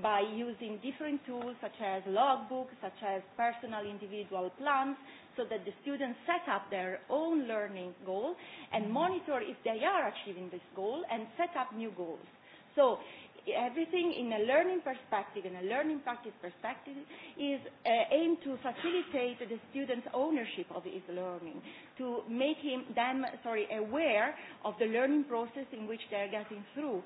by using different tools such as logbooks, such as personal individual plans, so that the students set up their own learning goal and monitor if they are achieving this goal and set up new goals. So everything in a learning perspective, and a learning practice perspective, is aimed to facilitate the student's ownership of his learning, to make him, them sorry, aware of the learning process in which they are getting through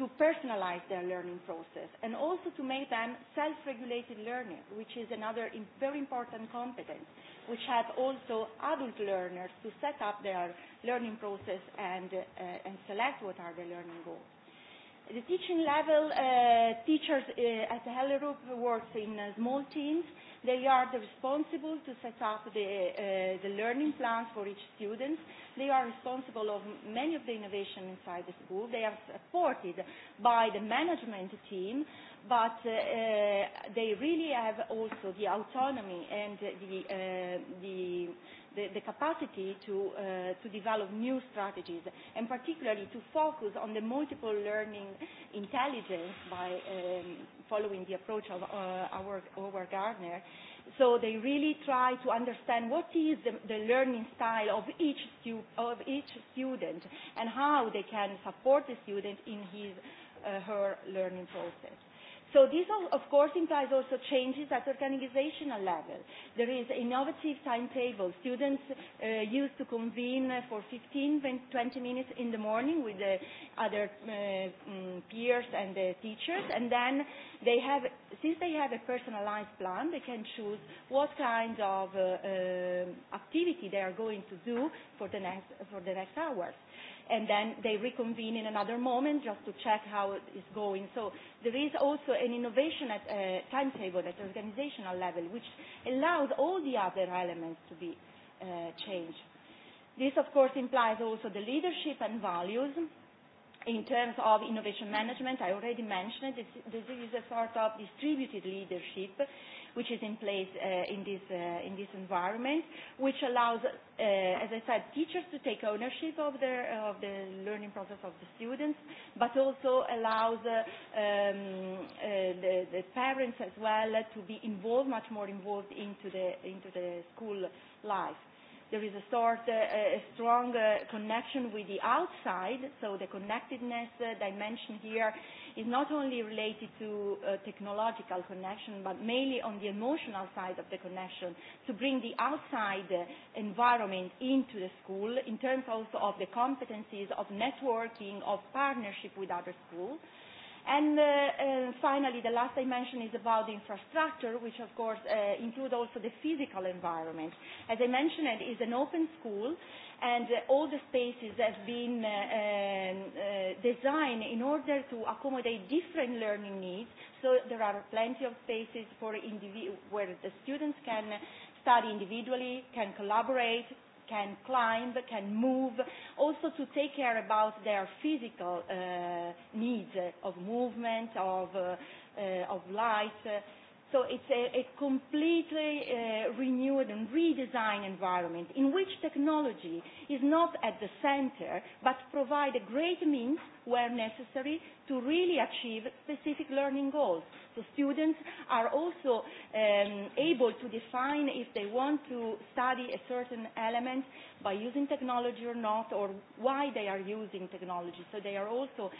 to personalize their learning process and also to make them self-regulated learning, which is another very important competence, which has also adult learners to set up their learning process and, and select what are the learning goals. The teaching level, teachers at Hellerup work in small teams. They are the responsible to set up the, the learning plans for each student. They are responsible of many of the innovation inside the school. They are supported by the management team, but they really have also the autonomy and the, the the capacity to develop new strategies and particularly to focus on the multiple learning intelligence by following the approach of our gardener. So they really try to understand what is the learning style of each student and how they can support the student in his her learning process. So this, of course, implies also changes at organizational level. There is innovative timetable. Students used to convene for 15, 20 minutes in the morning with the other peers and the teachers, and then they have, since they have a personalized plan, they can choose what kind of activity they are going to do for the next for the next hours and then they reconvene in another moment just to check how it is going. So there is also an innovation at timetable at organizational level, which allows all the other elements to be changed. This, of course, implies also the leadership and values. In terms of innovation management, I already mentioned this is a sort of distributed leadership which is in place in this in this environment, which allows, as I said, teachers to take ownership of their of the learning process of the students, but also allows the the parents as well to be involved, much more involved into the into the school life there is a sort a strong connection with the outside so the connectedness dimension here is not only related to technological connection, but mainly on the emotional side of the connection, to bring the outside environment into the school in terms also of the competencies of networking, of partnership with other schools. And finally, the last dimension is about the infrastructure, which of course includes also the physical environment. As I mentioned, it is an open school, and all the spaces have been designed in order to accommodate different learning needs. So there are plenty of spaces for where the students can study individually, can collaborate, can climb, can move, also to take care about their physical needs of movement, of, of light. So it's a, a completely renewed and redesigned environment in which technology is not at the center, but provide a great means where necessary to really achieve specific learning goals. So students are also able to define if they want to study a certain element by using technology or not, or why they are using technology. So they are also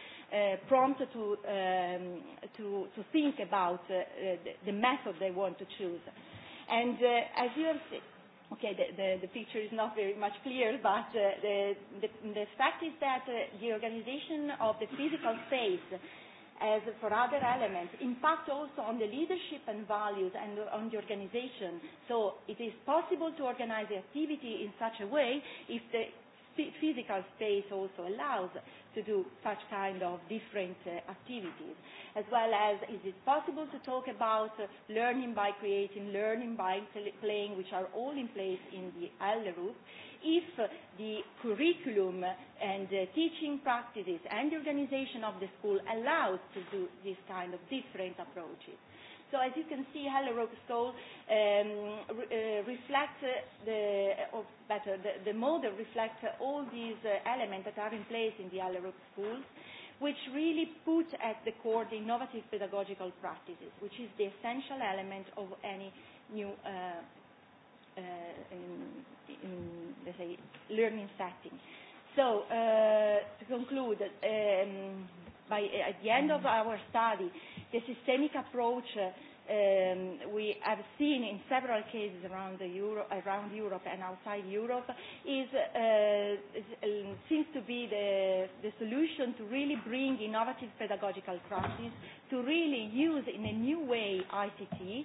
prompted to, to, to think about the method they want to choose. And as you have Okay, the, the, the picture is not very much clear, but uh, the, the, the fact is that uh, the organization of the physical space as for other elements, impact also on the leadership and values and on the organization. So it is possible to organize the activity in such a way if the physical space also allows to do such kind of different activities as well as is it possible to talk about learning by creating, learning by playing, which are all in place in the LROOP, if the curriculum and teaching practices and the organization of the school allows to do this kind of different approaches. So as you can see, Hellerup School reflects the, or better, the, the model reflects all these elements that are in place in the Hellerup schools which really put at the core the innovative pedagogical practices, which is the essential element of any new let's say, learning setting. So, to conclude, by, at the end of our study, the systemic approach we have seen in several cases around the Euro around Europe and outside Europe is seems to be the the solution to really bring innovative pedagogical practices, to really use in a new way ICT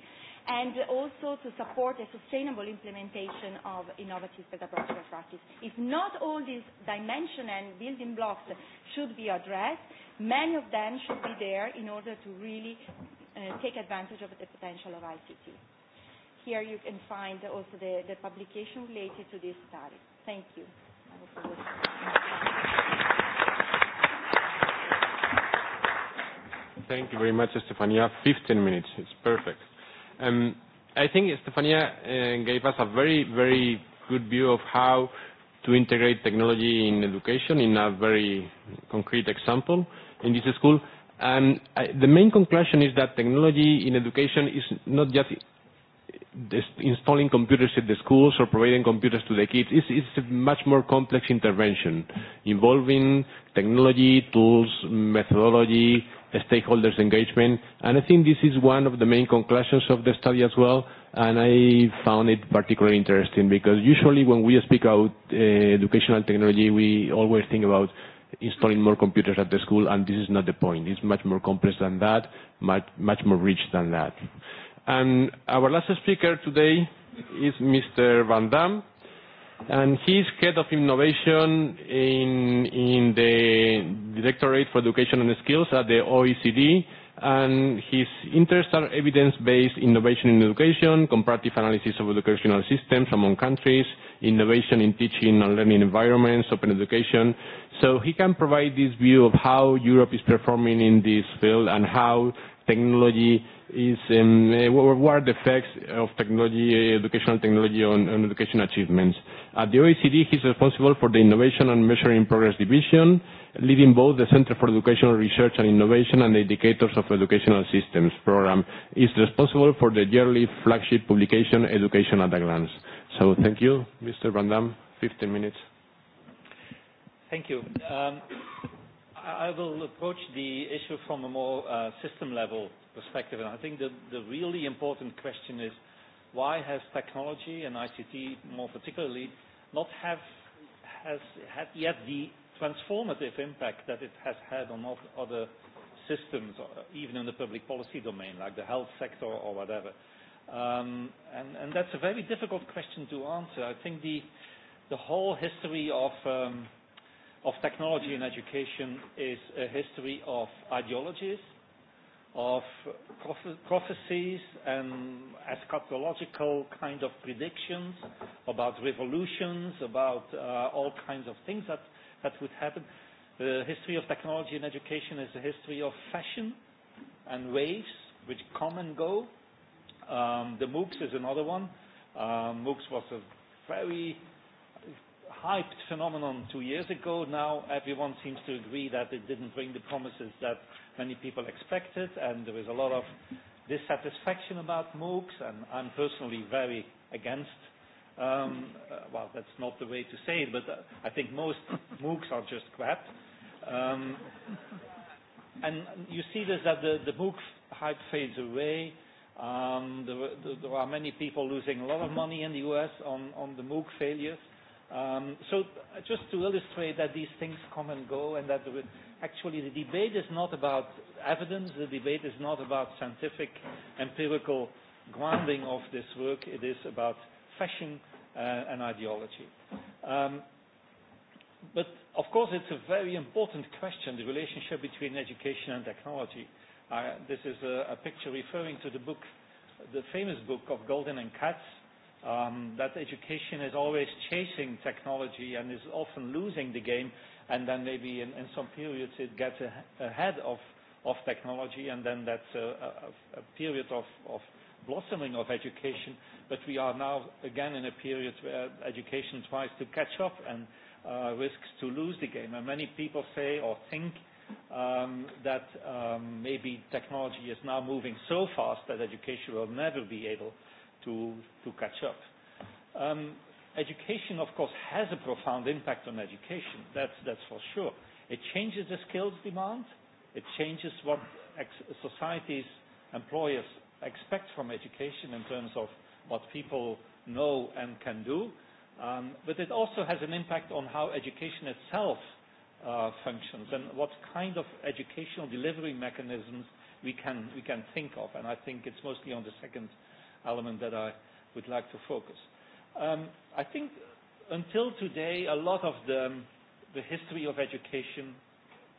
and also to support a sustainable implementation of innovative pedagogical practice. If not all these dimension and building blocks should be addressed, many of them should be there in order to really take advantage of the potential of ICT. Here you can find also the, the publication related to this study. Thank you. Thank you very much, Stefania. 15 minutes. It's perfect. Um, I think Stefania gave us a very, very good view of how to integrate technology in education in a very concrete example in this school. And the main conclusion is that technology in education is not just installing computers at the schools or providing computers to the kids. It's, it's a much more complex intervention involving technology, tools, methodology, stakeholders engagement. And I think this is one of the main conclusions of the study as well. And I found it particularly interesting because usually when we speak about educational technology, we always think about installing more computers at the school, and this is not the point. It's much more complex than that, much, much more rich than that. And our last speaker today is Mr. Van Dam, and he's head of innovation in, in the Directorate for Education and Skills at the OECD, and his interests are evidence-based innovation in education, comparative analysis of educational systems among countries, innovation in teaching and learning environments, open education, So he can provide this view of how Europe is performing in this field and how technology is, what are the effects of technology, educational technology on, education achievements. At the OECD, he's responsible for the Innovation and Measuring Progress Division, leading both the Center for Educational Research and Innovation and the Indicators of Educational Systems program. He's responsible for the yearly flagship publication, Education at a Glance. So thank you, Mr. Van Damme. 15 minutes. Thank you. Um, I will approach the issue from a more system level perspective, and I think the, the really important question is why has technology and ICT more particularly not have has had yet the transformative impact that it has had on other systems, or even in the public policy domain, like the health sector or whatever. Um, and, and that's a very difficult question to answer. I think the, the whole history of um, of technology in education is a history of ideologies, of prophecies and eschatological kind of predictions about revolutions, about all kinds of things that, that would happen. The history of technology in education is a history of fashion and waves which come and go. Um, the MOOCs is another one. Um, MOOCs was a very hyped phenomenon two years ago. Now everyone seems to agree that it didn't bring the promises that many people expected, and there is a lot of dissatisfaction about MOOCs, and I'm personally very against. Um, well, that's not the way to say it, but I think most MOOCs are just crap. Um, and you see this that the, the MOOC hype fades away. Um, there, there are many people losing a lot of money in the US on, on the MOOC failures. So just to illustrate that these things come and go and that actually the debate is not about evidence, the debate is not about scientific empirical grounding of this work, it is about fashion and ideology. But of course it's a very important question, the relationship between education and technology. This is a picture referring to the book, the famous book of Golden and Katz, um, that education is always chasing technology and is often losing the game, and then maybe in, in some periods it gets ahead of, of technology, and then that's a, a, a period of, of blossoming of education, but we are now again in a period where education tries to catch up and uh, risks to lose the game. And many people say or think um, that um, maybe technology is now moving so fast that education will never be able to catch up. Education, of course, has a profound impact on education. That's that's for sure. It changes the skills demand. It changes what societies, employers expect from education in terms of what people know and can do. But it also has an impact on how education itself functions and what kind of educational delivery mechanisms we can we can think of. And I think it's mostly on the second element that I would like to focus. Um, I think until today, a lot of the, the history of education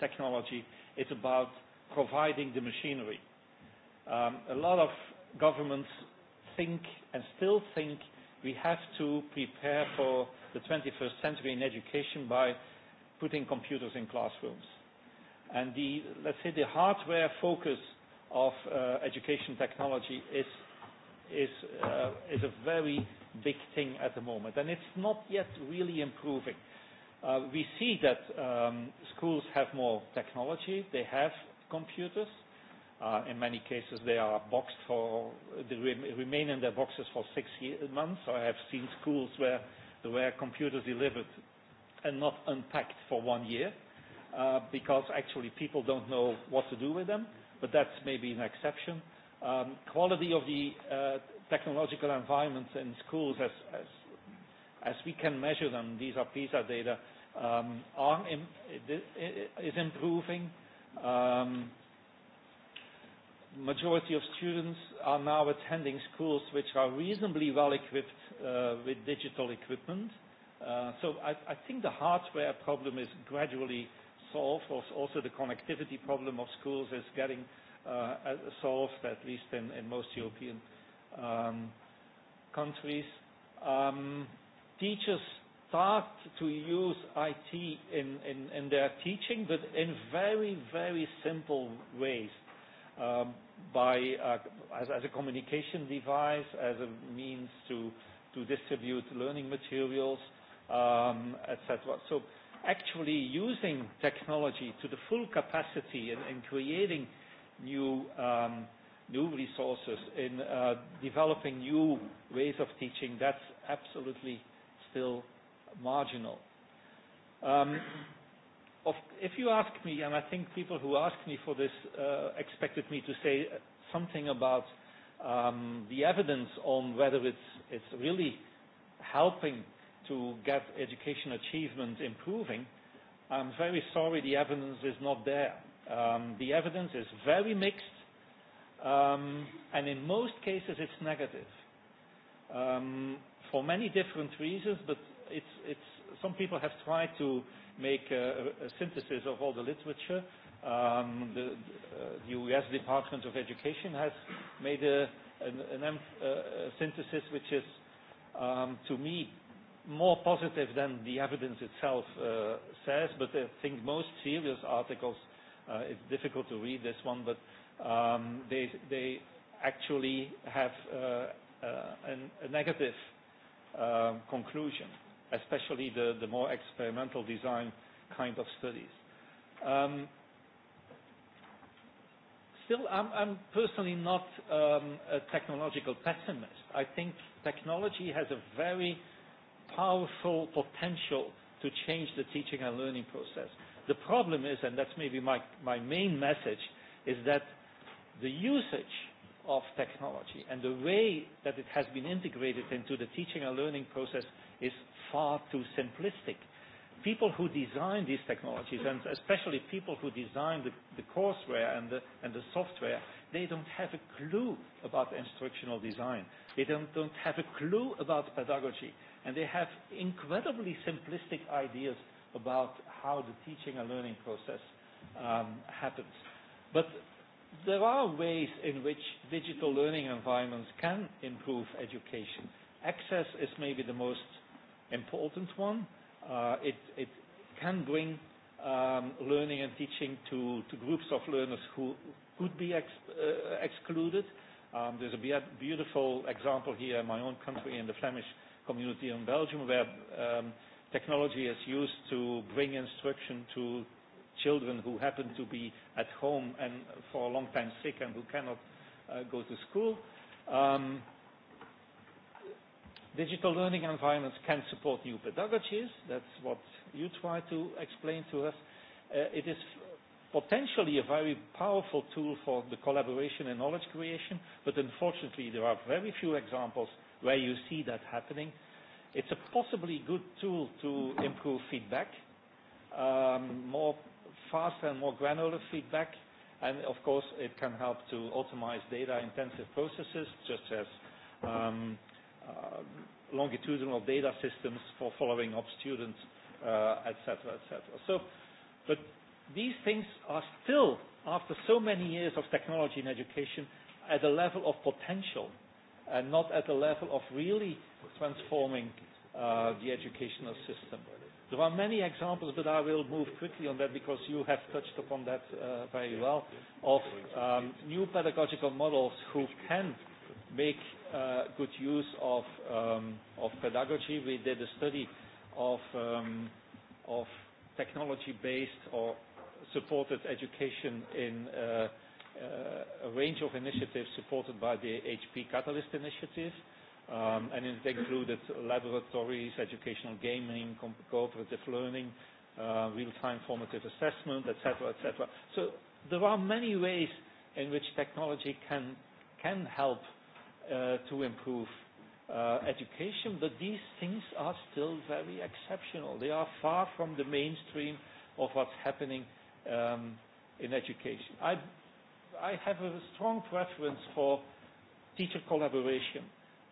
technology is about providing the machinery. Um, a lot of governments think and still think we have to prepare for the 21st century in education by putting computers in classrooms. And the, let's say the hardware focus of education technology is is is a very big thing at the moment, and it's not yet really improving. We see that schools have more technology, they have computers. In many cases, they are boxed for, they remain in their boxes for six months. I have seen schools where there were computers delivered and not unpacked for one year because actually people don't know what to do with them, but that's maybe an exception quality of the technological environments in schools as as as we can measure them these are PISA data are is improving majority of students are now attending schools which are reasonably well equipped with digital equipment so I I think the hardware problem is gradually solved also the connectivity problem of schools is getting solved, at least in most European countries. Teachers start to use IT in their teaching, but in very, very simple ways, as a communication device, as a means to distribute learning materials, etc. So actually using technology to the full capacity and creating new new resources, in developing new ways of teaching, that's absolutely still marginal. If you ask me, and I think people who ask me for this expected me to say something about the evidence on whether it's it's really helping to get education achievement improving, I'm very sorry the evidence is not there. Um, the evidence is very mixed, um, and in most cases it's negative um, for many different reasons, but it's, it's, some people have tried to make a, a synthesis of all the literature. Um, the, the U.S. Department of Education has made a, an, an, a synthesis which is, um, to me, more positive than the evidence itself uh, says, but I think most serious articles It's difficult to read this one, but they they actually have a negative conclusion, especially the the more experimental design kind of studies. Um Still, I'm I'm personally not a technological pessimist. I think technology has a very powerful potential to change the teaching and learning process. The problem is, and that's maybe my, my main message, is that the usage of technology and the way that it has been integrated into the teaching and learning process is far too simplistic. People who design these technologies, and especially people who design the, the courseware and the, and the software, they don't have a clue about instructional design. They don't, don't have a clue about pedagogy. And they have incredibly simplistic ideas about how the teaching and learning process happens. But there are ways in which digital learning environments can improve education. Access is maybe the most important one. It it can bring learning and teaching to to groups of learners who could be excluded. There's a beautiful example here in my own country in the Flemish community in Belgium where technology is used to bring instruction to children who happen to be at home and for a long time sick and who cannot go to school. Um, digital learning environments can support new pedagogies. That's what you try to explain to us. it is potentially a very powerful tool for the collaboration and knowledge creation, but unfortunately there are very few examples where you see that happening It's a possibly good tool to improve feedback, um, more faster and more granular feedback, and of course it can help to optimize data-intensive processes, such as um, longitudinal data systems for following up students, etc., etc. So, but these things are still, after so many years of technology in education, at a level of potential and not at the level of really transforming the educational system. There are many examples, but I will move quickly on that because you have touched upon that very well, of new pedagogical models who can make good use of of pedagogy. We did a study of technology-based or supported education in a range of initiatives supported by the HP Catalyst initiative, and it included laboratories, educational gaming, cooperative learning, real-time formative assessment, etc., etc. So there are many ways in which technology can can help to improve education, but these things are still very exceptional. They are far from the mainstream of what's happening in education. I I have a strong preference for teacher collaboration.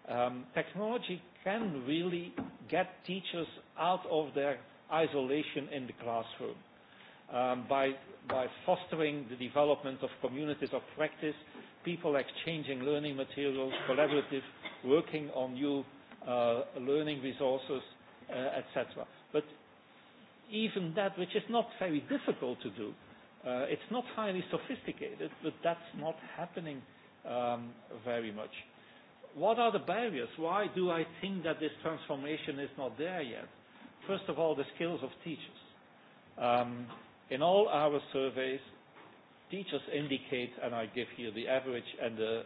Um, technology can really get teachers out of their isolation in the classroom um, by, by fostering the development of communities of practice, people exchanging learning materials, collaborative, working on new uh, learning resources, uh, etc. But even that, which is not very difficult to do, It's not highly sophisticated, but that's not happening very much. What are the barriers? Why do I think that this transformation is not there yet? First of all, the skills of teachers. In all our surveys, teachers indicate, and I give here the average and the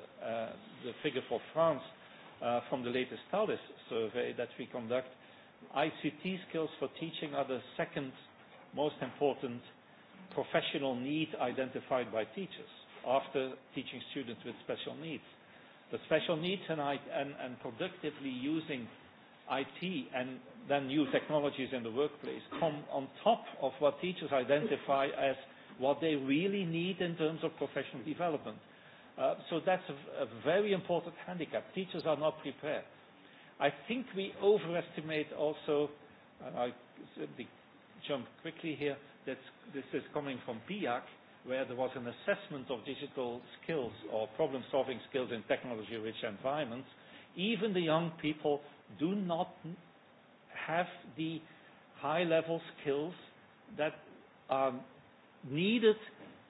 figure for France from the latest TALIS survey that we conduct, ICT skills for teaching are the second most important professional needs identified by teachers after teaching students with special needs. The special needs and, and, and productively using IT and then new technologies in the workplace come on top of what teachers identify as what they really need in terms of professional development. So that's a very important handicap. Teachers are not prepared. I think we overestimate also, and I jump quickly here, This is coming from PIAC, where there was an assessment of digital skills or problem-solving skills in technology-rich environments. Even the young people do not have the high-level skills that are needed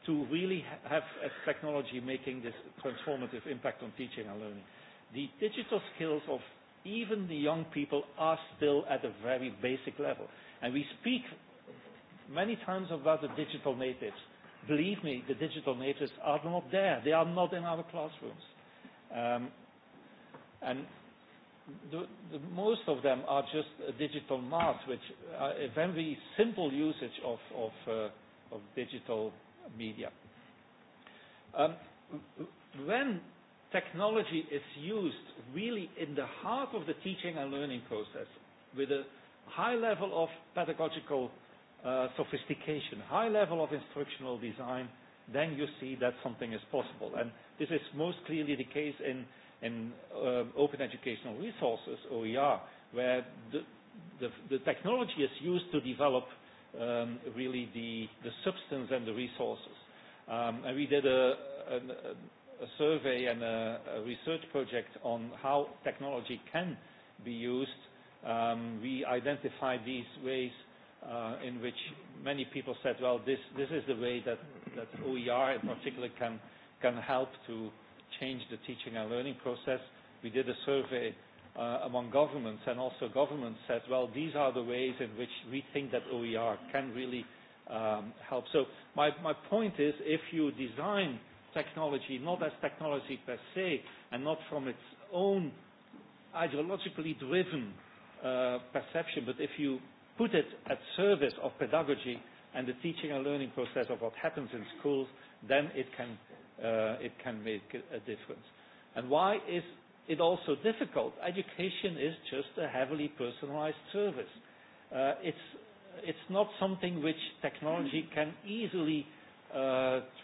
to really have technology making this transformative impact on teaching and learning. The digital skills of even the young people are still at a very basic level. And we speak many times about the digital natives. Believe me, the digital natives are not there. They are not in our classrooms. And the most of them are just a digital mass, which a very simple usage of of of digital media. When technology is used really in the heart of the teaching and learning process, with a high level of pedagogical sophistication, high level of instructional design, then you see that something is possible. And this is most clearly the case in, in open educational resources, OER, where the, the, the technology is used to develop um, really the, the substance and the resources. Um, and we did a, a, a survey and a, a research project on how technology can be used. Um, we identified these ways in which many people said, well, this, is the way that, OER in particular can, help to change the teaching and learning process. We did a survey among governments and also governments said, well, these are the ways in which we think that OER can really help. So my, point is if you design technology not as technology per se and not from its own ideologically driven perception, but if you put it at service of pedagogy and the teaching and learning process of what happens in schools, then it can, it can make a difference. And why is it also difficult? Education is just a heavily personalized service. it's, it's not something which technology can easily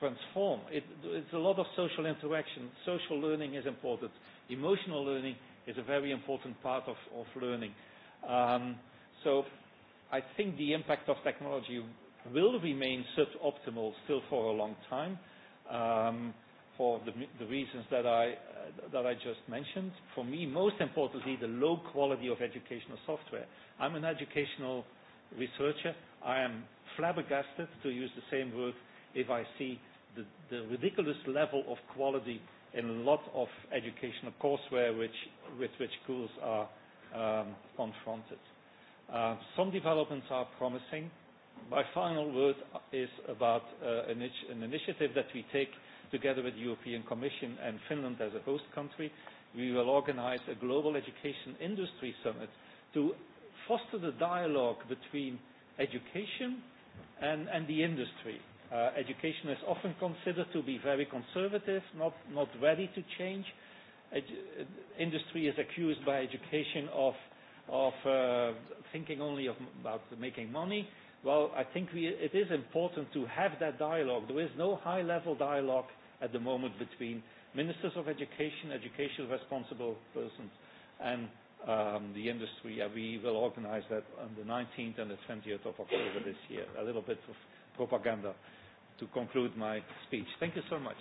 transform. It, it's a lot of social interaction. Social learning is important. Emotional learning is a very important part of, of learning. Um, so I think the impact of technology will remain suboptimal still for a long time um, for the, the reasons that I, that I just mentioned. For me, most importantly, the low quality of educational software. I'm an educational researcher. I am flabbergasted, to use the same word, if I see the, the ridiculous level of quality in a lot of educational courseware which, with which schools are confronted. Some developments are promising. My final word is about an initiative that we take together with the European Commission and Finland as a host country. We will organize a global education industry summit to foster the dialogue between education and the industry. Education is often considered to be very conservative, not ready to change. Industry is accused by education of of thinking only about making money. Well, I think it is important to have that dialogue. There is no high-level dialogue at the moment between ministers of education, educational responsible persons, and the industry. We will organize that on the 19th and the 20th of October this year. A little bit of propaganda to conclude my speech. Thank you so much.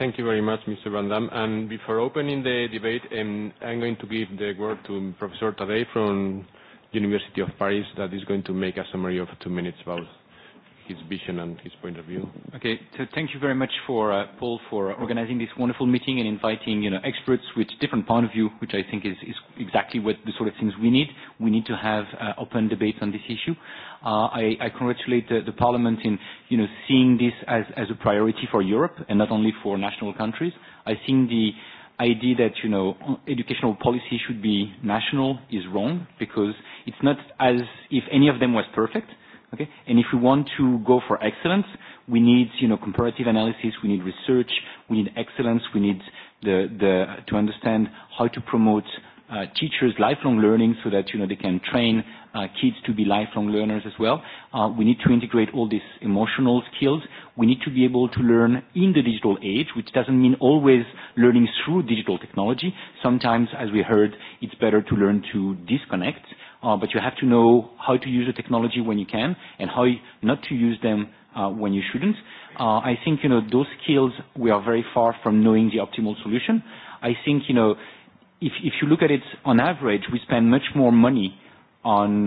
Thank you very much, Mr. Van Damme. And before opening the debate, um, I'm going to give the word to Professor Tadei from University of Paris that is going to make a summary of two minutes about his vision and his point of view. Okay, so thank you very much for uh, Paul for organizing this wonderful meeting and inviting you know experts with different point of view, which I think is, is exactly what the sort of things we need. We need to have uh, open debates on this issue. Uh, I, I congratulate the, the Parliament in you know seeing this as, as a priority for Europe and not only for national countries. I think the idea that you know educational policy should be national is wrong because it's not as if any of them was perfect Okay? And if we want to go for excellence, we need, you know, comparative analysis, we need research, we need excellence, we need the, the, to understand how to promote uh, teachers lifelong learning so that, you know, they can train uh, kids to be lifelong learners as well. Uh, we need to integrate all these emotional skills. We need to be able to learn in the digital age, which doesn't mean always learning through digital technology. Sometimes, as we heard, it's better to learn to disconnect but you have to know how to use the technology when you can and how not to use them when you shouldn't. I think, you know, those skills, we are very far from knowing the optimal solution. I think, you know, if if you look at it on average, we spend much more money on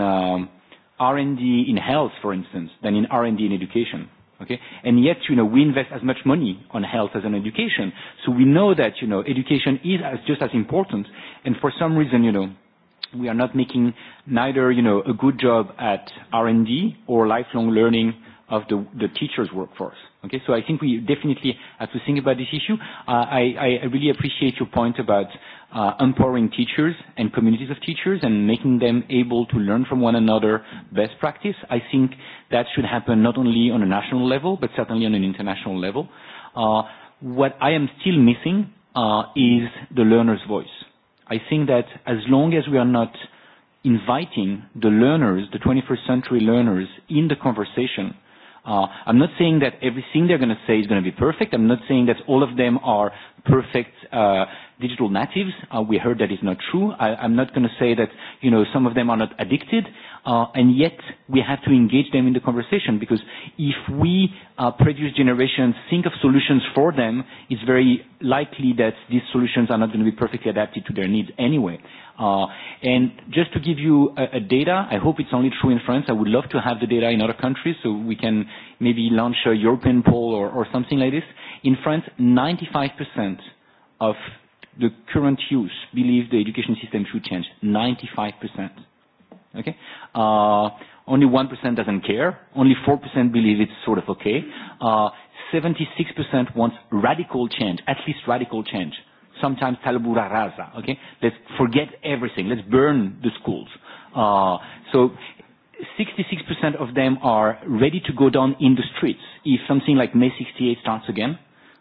R&D in health, for instance, than in R&D in education. Okay? And yet, you know, we invest as much money on health as on education. So we know that, you know, education is just as important. And for some reason, you know, we are not making neither, you know, a good job at R&D or lifelong learning of the, the teacher's workforce. Okay, so I think we definitely have to think about this issue. I, I really appreciate your point about empowering teachers and communities of teachers and making them able to learn from one another best practice. I think that should happen not only on a national level, but certainly on an international level. Uh, what I am still missing uh, is the learner's voice I think that as long as we are not inviting the learners, the 21st century learners, in the conversation, I'm not saying that everything they're going to say is going to be perfect. I'm not saying that all of them are perfect digital natives. We heard that is not true. I'm not going to say that, you know, some of them are not addicted, and yet we have to engage them in the conversation because if we produce generations think of solutions for them, it's very likely that these solutions are not going to be perfectly adapted to their needs anyway. And just to give you a data, I hope it's only true in France. I would love to have the data in other countries so we can maybe launch a European poll or something like this. In France, 95% of the current youth believe the education system should change. 95%. Okay? Uh, only 1% doesn't care. Only 4% believe it's sort of okay. Uh, 76% wants radical change, at least radical change. Sometimes talbura rasa. Okay? Let's forget everything. Let's burn the schools. Uh, so 66% of them are ready to go down in the streets if something like May 68 starts again.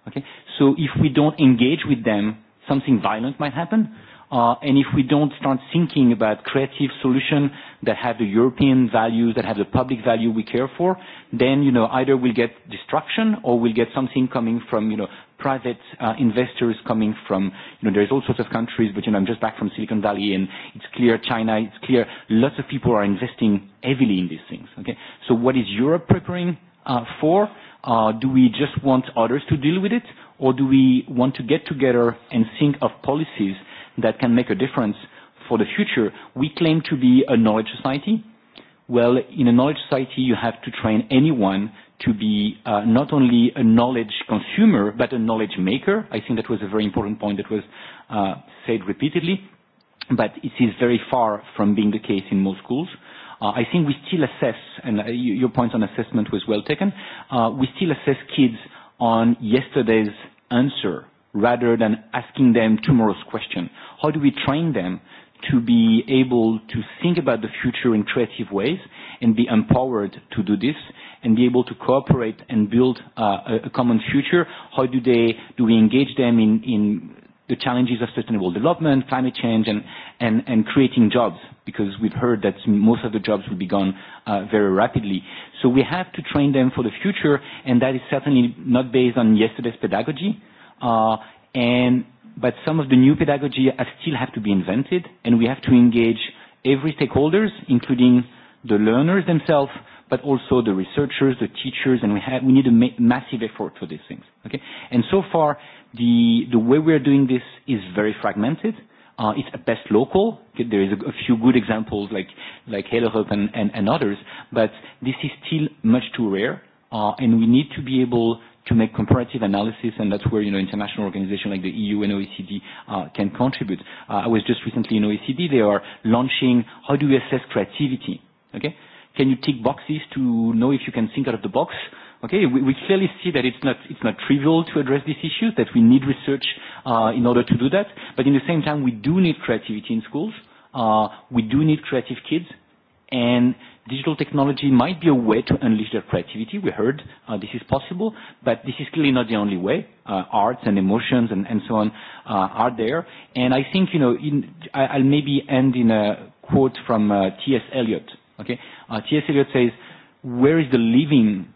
Okay? So if we don't engage with them something violent might happen. And if we don't start thinking about creative solutions that have the European values, that have the public value we care for, then, you know, either we'll get destruction or we'll get something coming from, you know, private investors coming from, you know, there's all sorts of countries, but, you know, I'm just back from Silicon Valley and it's clear China, it's clear lots of people are investing heavily in these things, okay? So what is Europe preparing for? Do we just want others to deal with it? or do we want to get together and think of policies that can make a difference for the future? We claim to be a knowledge society. Well, in a knowledge society, you have to train anyone to be not only a knowledge consumer, but a knowledge maker. I think that was a very important point that was said repeatedly, but it is very far from being the case in most schools. I think we still assess, and your point on assessment was well taken, we still assess kids on yesterday's answer rather than asking them tomorrow's question? How do we train them to be able to think about the future in creative ways and be empowered to do this and be able to cooperate and build a common future? How do they do we engage them in in the challenges of sustainable development, climate change, and, and, and creating jobs, because we've heard that most of the jobs will be gone very rapidly. So we have to train them for the future, and that is certainly not based on yesterday's pedagogy. and but some of the new pedagogy still have to be invented, and we have to engage every stakeholders, including the learners themselves, but also the researchers, the teachers, and we have we need a massive effort for these things. Okay, and so far the the way we are doing this is very fragmented. Uh, it's at best local. There is a, a few good examples like like Hellerup and, and and others, but this is still much too rare, uh, and we need to be able to make comparative analysis, and that's where you know international organizations like the EU and OECD uh, can contribute. Uh, I was just recently in OECD. They are launching how do we assess creativity? Okay, Can you tick boxes to know if you can think out of the box? Okay, we, we clearly see that it's not, it's not trivial to address these issues, that we need research uh, in order to do that. But in the same time, we do need creativity in schools. Uh, we do need creative kids. And digital technology might be a way to unleash their creativity. We heard uh, this is possible, but this is clearly not the only way. Uh, arts and emotions and, and so on uh, are there. And I think, you know, in, I, I'll maybe end in a quote from uh, T.S. Eliot, Okay? Uh, T.S. Eliot says, where is the living,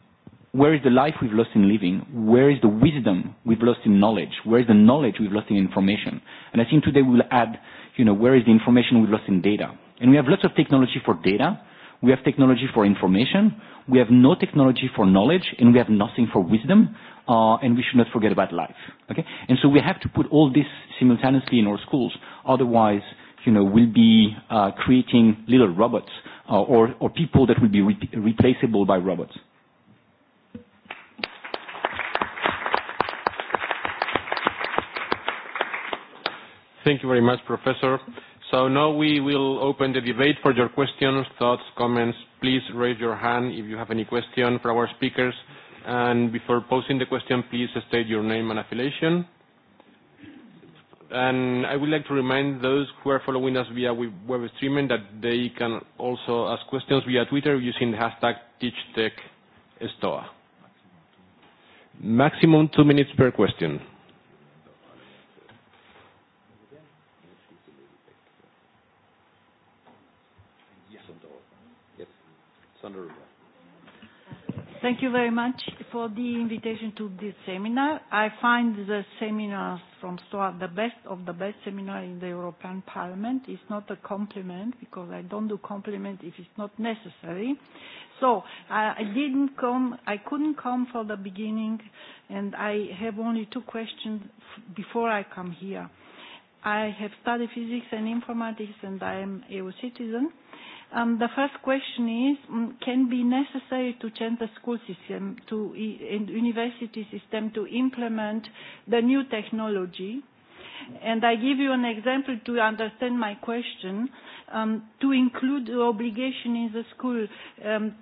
where is the life we've lost in living? Where is the wisdom we've lost in knowledge? Where is the knowledge we've lost in information? And I think today we will add, you know, where is the information we've lost in data? And we have lots of technology for data. We have technology for information. We have no technology for knowledge, and we have nothing for wisdom. Uh, and we should not forget about life. Okay? And so we have to put all this simultaneously in our schools. Otherwise, you know, we'll be uh, creating little robots or people that will be replaceable by robots. Thank you very much, Professor. So now we will open the debate for your questions, thoughts, comments. Please raise your hand if you have any question for our speakers. And before posing the question, please state your name and affiliation. And I would like to remind those who are following us via web streaming that they can also ask questions via Twitter using the hashtag TeachTechStoa. Maximum two minutes per question. Yes. Thank you very much for the invitation to this seminar. I find the seminars from STOA the best of the best seminar in the European Parliament. It's not a compliment because I don't do compliment if it's not necessary. So I didn't come, I couldn't come for the beginning and I have only two questions before I come here. I have studied physics and informatics and I am EU citizen The first question is, can be necessary to change the school system to university system to implement the new technology? And I give you an example to understand my question. To include the obligation in the school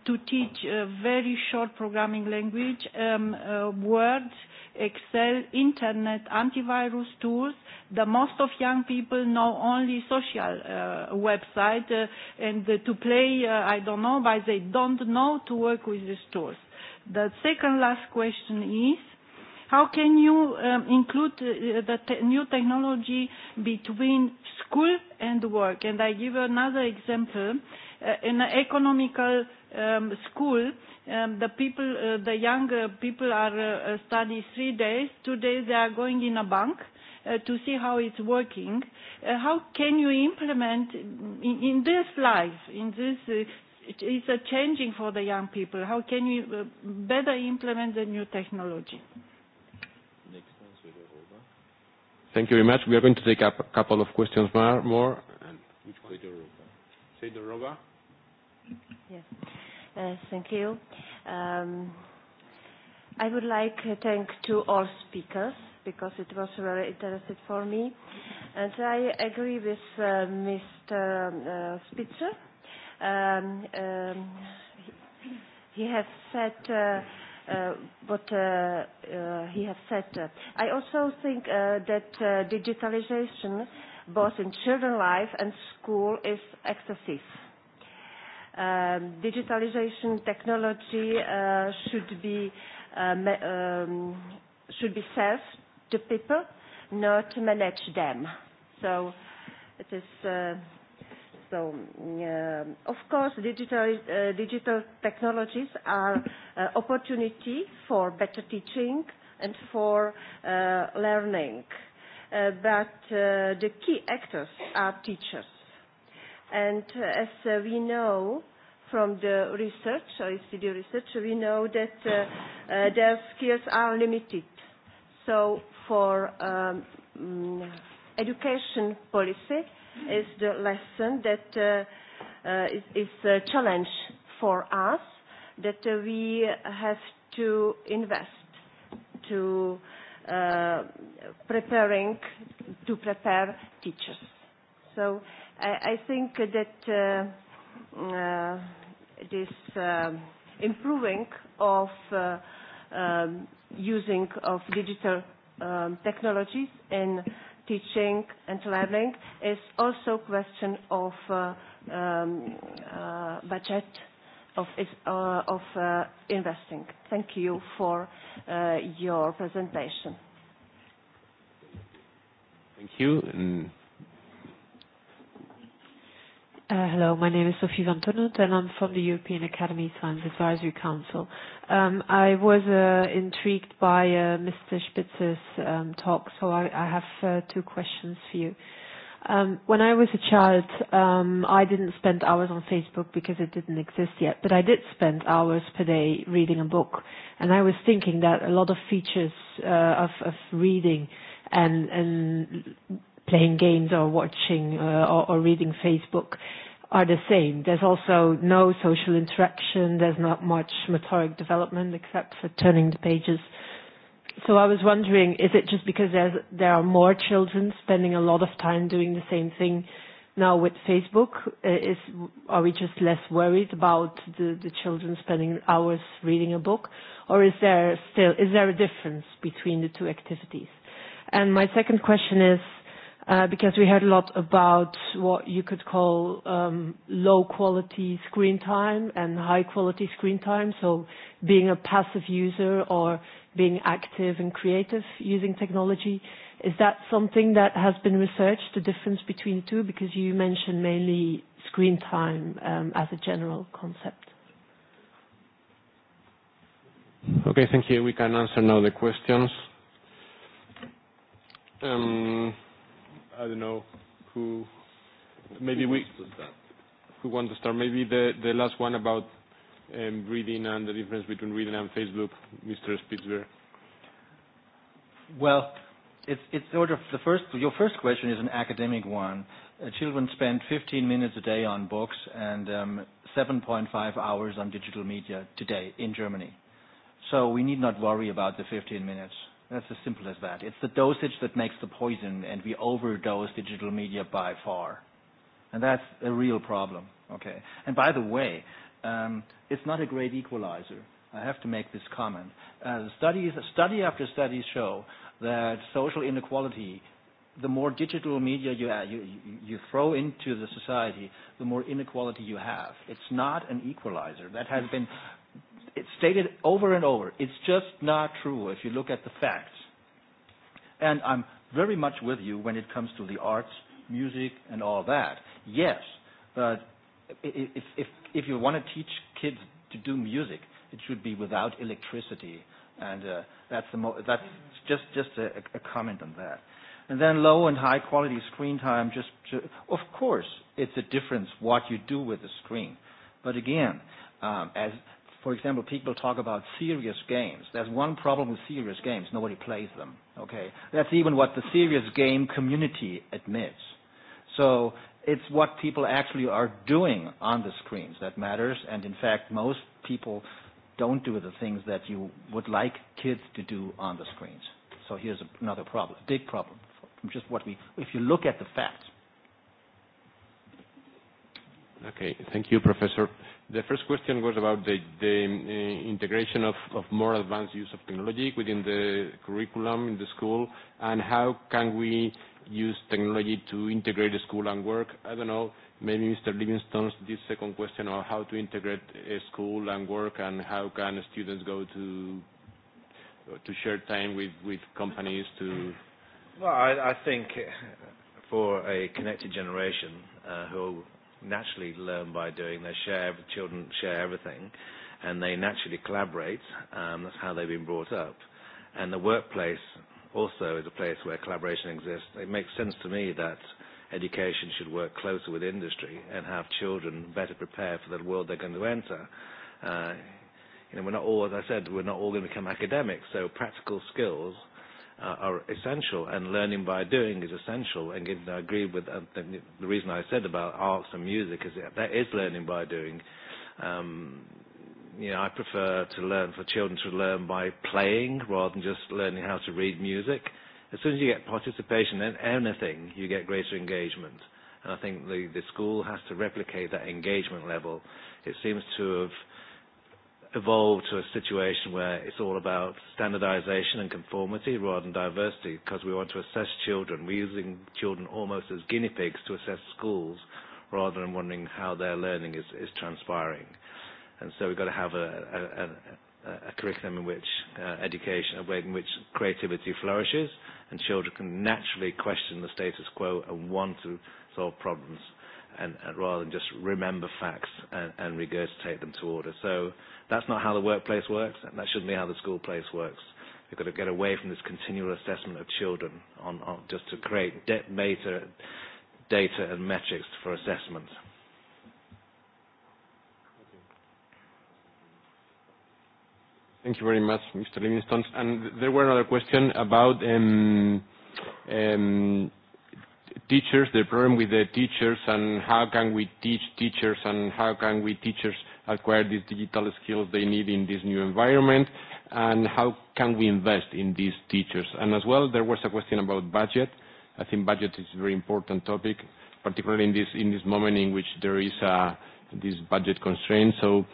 to teach a very short programming language words Excel, Internet, antivirus tools. The most of young people know only social website and to play, I don't know, but they don't know to work with these tools. The second last question is, How can you include the new technology between school and work? And I give another example. In an economical school, Um the people, the young people are study three days. Two days they are going in a bank to see how it's working. How can you implement in this life, in this it's a changing for the young people. How can you better implement the new technology? Thank you very much. We are going to take up a couple of questions more. Which Say the Yes. Thank you. I would like to thank to all speakers because it was very interesting for me. And I agree with Mr. Spitzer. He has said what he has said. I also think that digitalization both in children's life and school is excessive digitalization technology should be should be served to people, not manage them. So it is so of course digital digital technologies are opportunity for better teaching and for learning. But the key actors are teachers And as we know from the research, OECD research, we know that their skills are limited. So for education policy is the lesson that is a challenge for us that we have to invest to preparing to prepare teachers. So I think that this improving of using of digital technologies in teaching and learning is also a question of budget of of investing. Thank you for your presentation. Thank you. Hello, my name is Sophie Van Tonnot, and I'm from the European Academy Science Advisory Council. Um, I was uh, intrigued by uh, Mr. Spitzer's um, talk, so I, I have uh, two questions for you. Um, when I was a child, um, I didn't spend hours on Facebook because it didn't exist yet, but I did spend hours per day reading a book, and I was thinking that a lot of features uh, of, of reading and, and playing games or watching or reading Facebook are the same. There's also no social interaction. There's not much motoric development except for turning the pages. So I was wondering, is it just because there are more children spending a lot of time doing the same thing now with Facebook? Is, are we just less worried about the, the children spending hours reading a book? Or is there still, is there a difference between the two activities? And my second question is, because we heard a lot about what you could call um, low quality screen time and high quality screen time. So being a passive user or being active and creative using technology. Is that something that has been researched, the difference between the two? Because you mentioned mainly screen time um, as a general concept. Okay, thank you. We can answer now the questions. Um, I don't know who. Maybe we. Who wants to start? Maybe the the last one about um, reading and the difference between reading and Facebook, Mr. Spitzberg. Well, it's it's sort of the first. Your first question is an academic one. Uh, children spend 15 minutes a day on books and um, 7.5 hours on digital media today in Germany. So we need not worry about the 15 minutes. That's as simple as that. It's the dosage that makes the poison, and we overdose digital media by far. And that's a real problem. Okay. And by the way, um, it's not a great equalizer. I have to make this comment. Uh, studies, study after study show that social inequality, the more digital media you, you, you throw into the society, the more inequality you have. It's not an equalizer. That has been it's stated over and over. It's just not true if you look at the facts. And I'm very much with you when it comes to the arts, music, and all that. Yes, but if, if, if you want to teach kids to do music, it should be without electricity. And uh, that's, the mo- that's just, just a, a comment on that. And then low and high quality screen time, just of course, it's a difference what you do with the screen. But again, um, as for example, people talk about serious games. There's one problem with serious games. Nobody plays them. Okay. That's even what the serious game community admits. So it's what people actually are doing on the screens that matters. And in fact, most people don't do the things that you would like kids to do on the screens. So here's another problem, big problem, from just what we, if you look at the facts. Okay. Thank you, Professor. The first question was about the the integration of of more advanced use of technology within the curriculum in the school, and how can we use technology to integrate school and work. I don't know, maybe Mr. Livingstone's this second question on how to integrate school and work, and how can students go to to share time with with companies to. Well, I think for a connected generation who naturally learn by doing. They share, children share everything, and they naturally collaborate. Um, that's how they've been brought up. And the workplace also is a place where collaboration exists. It makes sense to me that education should work closer with industry and have children better prepared for the world they're going to enter. Uh, you know, we're not all, as I said, we're not all going to become academics, so practical skills – are essential and learning by doing is essential and I agree with the reason I said about arts and music is that that is learning by doing um you know I prefer to learn for children to learn by playing rather than just learning how to read music as soon as you get participation in anything you get greater engagement and I think the the school has to replicate that engagement level it seems to have evolve to a situation where it's all about standardization and conformity rather than diversity because we want to assess children. We're using children almost as guinea pigs to assess schools rather than wondering how their learning is, is transpiring. And so we've got to have a, a, a, a curriculum in which uh, education, a way in which creativity flourishes and children can naturally question the status quo and want to solve problems and, and rather than just remember facts and, and regurgitate them to order. So that's not how the workplace works, and that shouldn't be how the school place works. We've got to get away from this continual assessment of children on, on just to create data, data and metrics for assessment. Thank you very much, Mr. Livingstone. And there were another question about um, um, teachers, the problem with the teachers and how can we teach teachers and how can we teachers acquire these digital skills they need in this new environment and how can we invest in these teachers. And as well, there was a question about budget. I think budget is a very important topic, particularly in this, in this moment in which there is a this budget constraint. So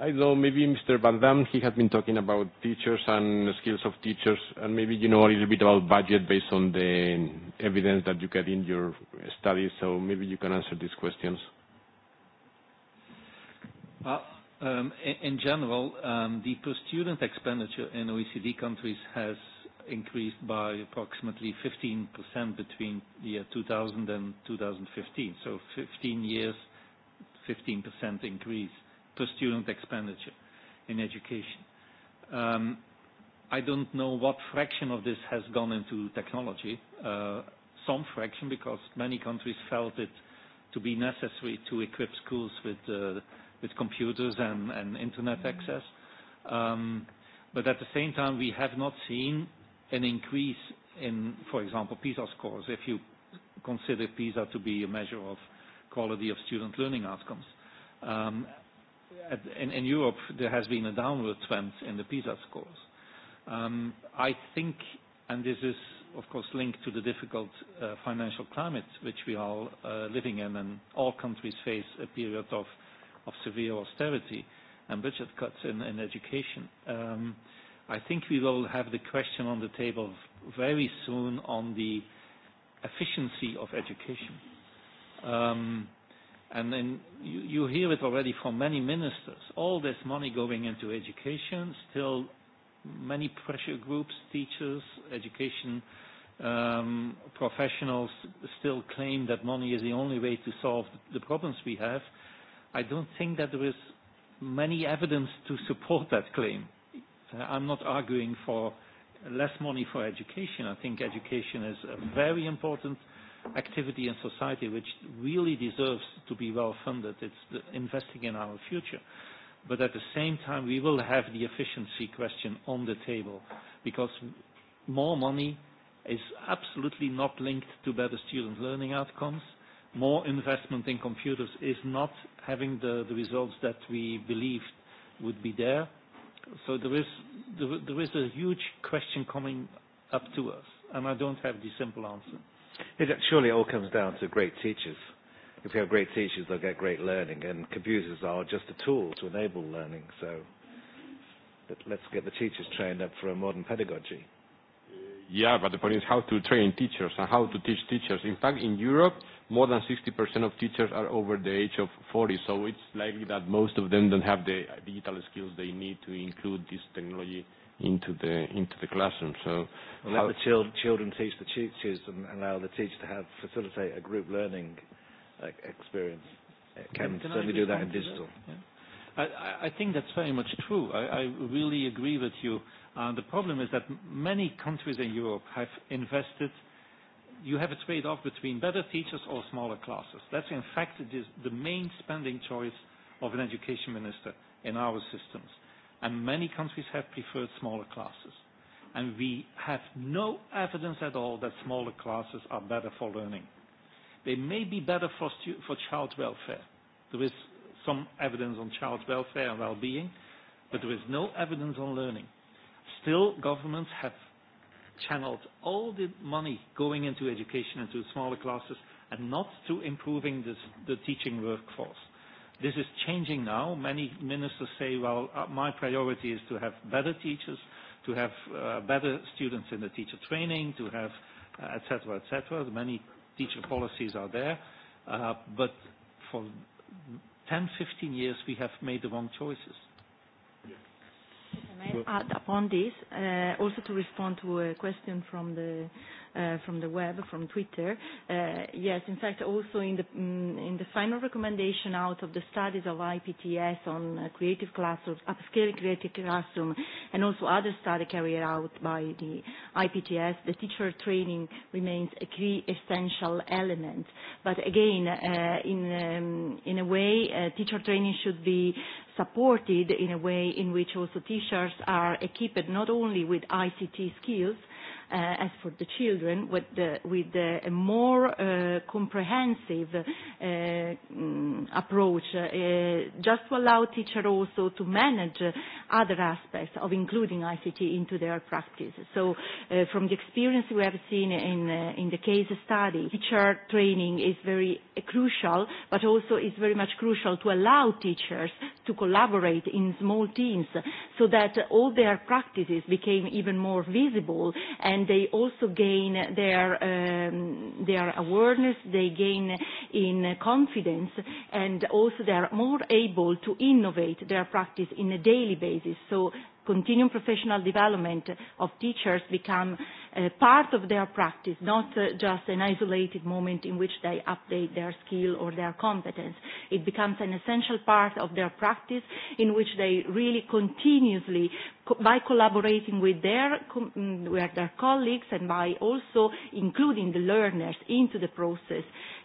I know maybe Mr. Van Dam, he has been talking about teachers and skills of teachers, and maybe you know a little bit about budget based on the evidence that you get in your studies, so maybe you can answer these questions. um In general, um the per-student expenditure in OECD countries has increased by approximately 15% between the year 2000 and 2015, so 15 years, 15% increase per student expenditure in education. I don't know what fraction of this has gone into technology. Some fraction, because many countries felt it to be necessary to equip schools with with computers and and internet access. But at the same time, we have not seen an increase in, for example, PISA scores, if you consider PISA to be a measure of quality of student learning outcomes in Europe, there has been a downward trend in the PISA scores. I think, and this is, of course, linked to the difficult financial climate which we are living in, and all countries face a period of severe austerity and budget cuts in education. I think we will have the question on the table very soon on the efficiency of education. And then you you hear it already from many ministers. All this money going into education, still many pressure groups, teachers, education um, professionals still claim that money is the only way to solve the problems we have. I don't think that there is many evidence to support that claim. I'm not arguing for less money for education. I think education is a very important activity in society which really deserves to be well funded. It's investing in our future. But at the same time, we will have the efficiency question on the table because more money is absolutely not linked to better student learning outcomes. More investment in computers is not having the results that we believed would be there. So there is there is a huge question coming up to us, and I don't have the simple answer. It surely all comes down to great teachers. If you have great teachers, they'll get great learning, and computers are just a tool to enable learning. So let's get the teachers trained up for a modern pedagogy. Yeah, but the point is how to train teachers and how to teach teachers. In fact, in Europe, more than 60% of teachers are over the age of 40, so it's likely that most of them don't have the digital skills they need to include this technology into the into the classroom. So let the children teach the teachers and allow the teacher to have facilitate a group learning experience. It can, certainly do that in digital. I, I think that's very much true. I, I really agree with you. Uh, the problem is that many countries in Europe have invested. You have a trade-off between better teachers or smaller classes. That's in fact the main spending choice of an education minister in our systems and many countries have preferred smaller classes. And we have no evidence at all that smaller classes are better for learning. They may be better for, for child welfare. There is some evidence on child welfare and well-being, but there is no evidence on learning. Still, governments have channeled all the money going into education into smaller classes and not to improving the teaching workforce. This is changing now. Many ministers say, well, my priority is to have better teachers, to have better students in the teacher training, to have, etc., etc. Many teacher policies are there. But for 10, 15 years, we have made the wrong choices. May I add upon this, also to respond to a question from the from the web, from Twitter. Yes, in fact, also in the in the final recommendation out of the studies of IPTS on creative classrooms, upscale creative classroom, and also other studies carried out by the IPTS, the teacher training remains a key essential element. But again, in in a way, teacher training should be supported in a way in which also teachers are equipped not only with ICT skills, as for the children, with the with a more comprehensive approach, just to allow teachers also to manage other aspects of including ICT into their practice. So from the experience we have seen in in the case study, teacher training is very crucial, but also is very much crucial to allow teachers to collaborate in small teams so that all their practices became even more visible and and they also gain their their awareness, they gain in confidence, and also they are more able to innovate their practice in a daily basis. So Continuum professional development of teachers become part of their practice, not just an isolated moment in which they update their skill or their competence. It becomes an essential part of their practice in which they really continuously, by collaborating with their, with their colleagues and by also including the learners into the process,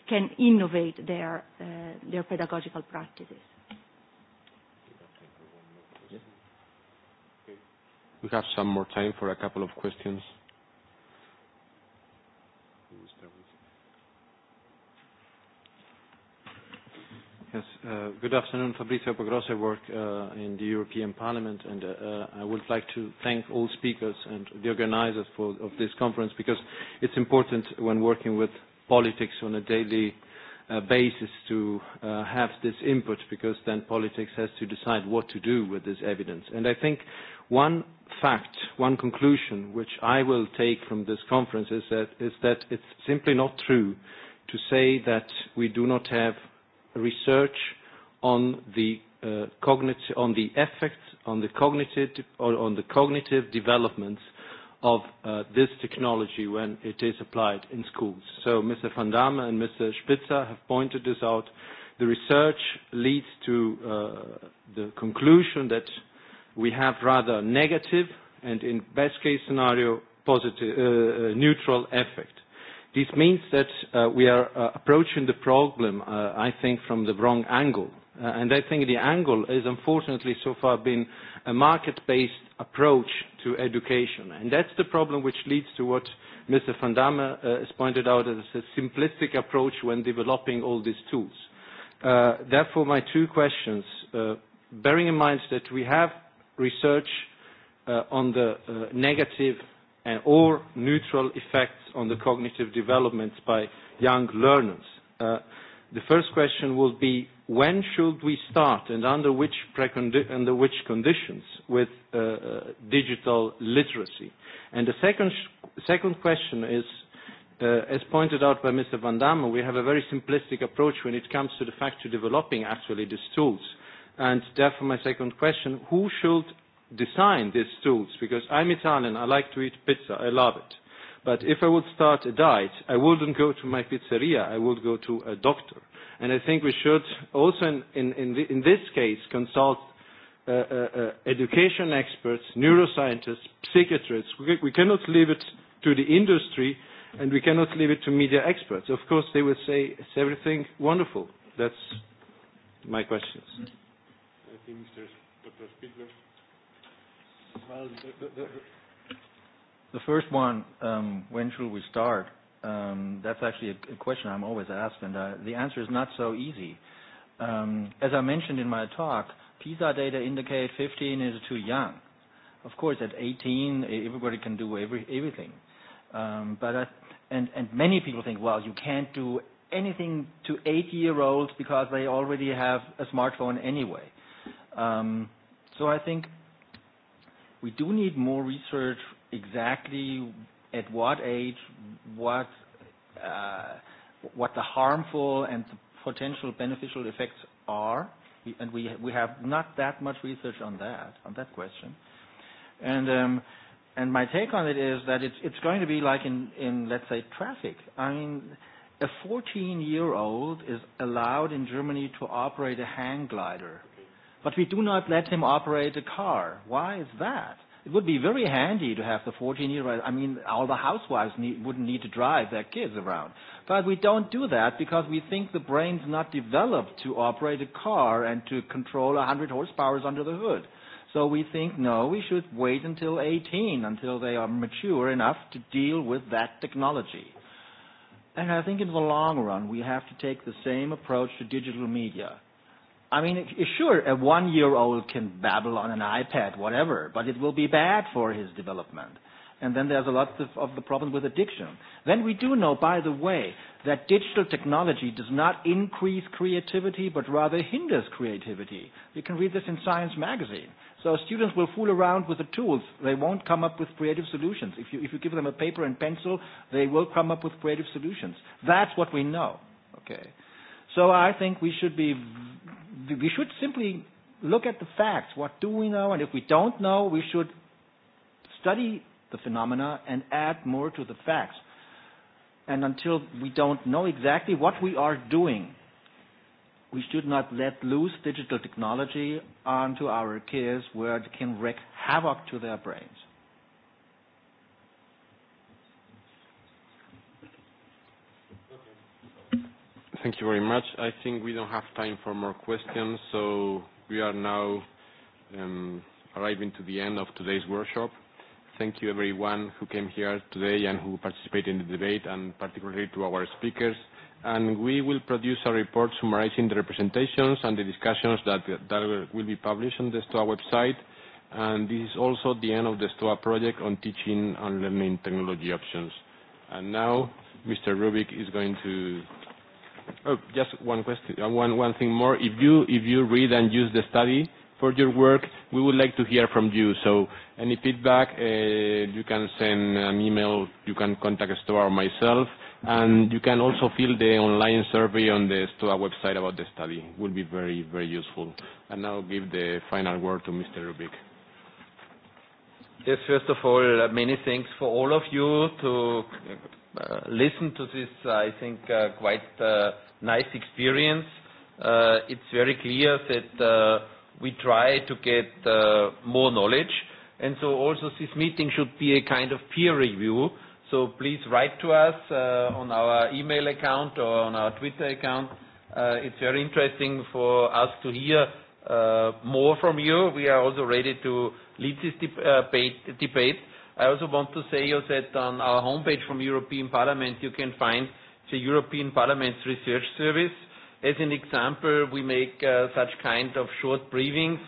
can innovate their, their pedagogical practices. We have some more time for a couple of questions. Yes. Good afternoon. Fabrizio Pagrosso. I work in the European Parliament, and I would like to thank all speakers and the organizers of this conference because it's important when working with politics on a daily basis to have this input because then politics has to decide what to do with this evidence. And I think One fact, one conclusion which I will take from this conference is that, is that it's simply not true to say that we do not have research on the cognitive on the effects on the cognitive or on the cognitive developments of this technology when it is applied in schools. So Mr. Van Damme and Mr. Spitzer have pointed this out. The research leads to the conclusion that we have rather negative and in best case scenario positive neutral effect. This means that we are approaching the problem, I think, from the wrong angle. And I think the angle has unfortunately so far been a market-based approach to education. And that's the problem which leads to what Mr. Van Damme has pointed out as a simplistic approach when developing all these tools. Therefore, my two questions, bearing in mind that we have research on the negative and or neutral effects on the cognitive developments by young learners. The first question will be when should we start and under which under which conditions with digital literacy? And the second second question is as pointed out by Mr. Van Damme, we have a very simplistic approach when it comes to the fact of developing actually these tools. And therefore, my second question, who should design these tools? Because I'm Italian, I like to eat pizza, I love it. But if I would start a diet, I wouldn't go to my pizzeria, I would go to a doctor. And I think we should also, in, in, in this case, consult uh, uh, education experts, neuroscientists, psychiatrists. We, we cannot leave it to the industry and we cannot leave it to media experts. Of course, they will say, it's everything wonderful. That's my questions. The first one, um, when should we start? Um That's actually a a question I'm always asked, and uh the answer is not so easy. Um As I mentioned in my talk, PISA data indicate 15 is too young. Of course, at 18, everybody can do every everything. Um but I and and Many people think, well, you can't do anything to eight-year-olds because they already have a smartphone anyway. Um, so I think we do need more research exactly at what age, what, uh, what the harmful and the potential beneficial effects are. And we, we have not that much research on that, on that question. And, um, and my take on it is that it's, it's going to be like in, in, let's say, traffic. I mean, a 14-year-old is allowed in Germany to operate a hang glider But we do not let him operate a car. Why is that? It would be very handy to have the 14-year-old. I mean, all the housewives wouldn't need to drive their kids around. But we don't do that because we think the brain's not developed to operate a car and to control 100 horsepowers under the hood. So we think, no, we should wait until 18, until they are mature enough to deal with that technology. And I think in the long run, we have to take the same approach to digital media. I mean, sure, a one-year-old can babble on an iPad, whatever, but it will be bad for his development. And then there's a lot of, of the problems with addiction. Then we do know, by the way, that digital technology does not increase creativity, but rather hinders creativity. You can read this in Science Magazine. So students will fool around with the tools. They won't come up with creative solutions. If you, if you give them a paper and pencil, they will come up with creative solutions. That's what we know. Okay. So I think we should be we should simply look at the facts. What do we know? And if we don't know, we should study the phenomena and add more to the facts. And until we don't know exactly what we are doing, we should not let loose digital technology onto our kids where it can wreak havoc to their brains. Thank you very much. I think we don't have time for more questions, so we are now um, arriving to the end of today's workshop. Thank you everyone who came here today and who participated in the debate, and particularly to our speakers. And we will produce a report summarizing the representations and the discussions that, that will be published on the STOA website. And this is also the end of the STOA project on teaching and learning technology options. And now Mr. Rubik is going to Oh, just one question, one one thing more. If you if you read and use the study for your work, we would like to hear from you. So any feedback, you can send an email, you can contact Stoa or myself, and you can also fill the online survey on the Stoa website about the study. It will be very very useful. And now give the final word to Mr. Rubik. Yes, first of all, many thanks for all of you to listen to this, I think, quite nice experience. It's very clear that we try to get more knowledge. And so also this meeting should be a kind of peer review. So please write to us on our email account or on our Twitter account. It's very interesting for us to hear more from you. We are also ready to lead this debate. I also want to say that on our homepage from European Parliament, you can find the European Parliament's research service. As an example, we make such kind of short briefings.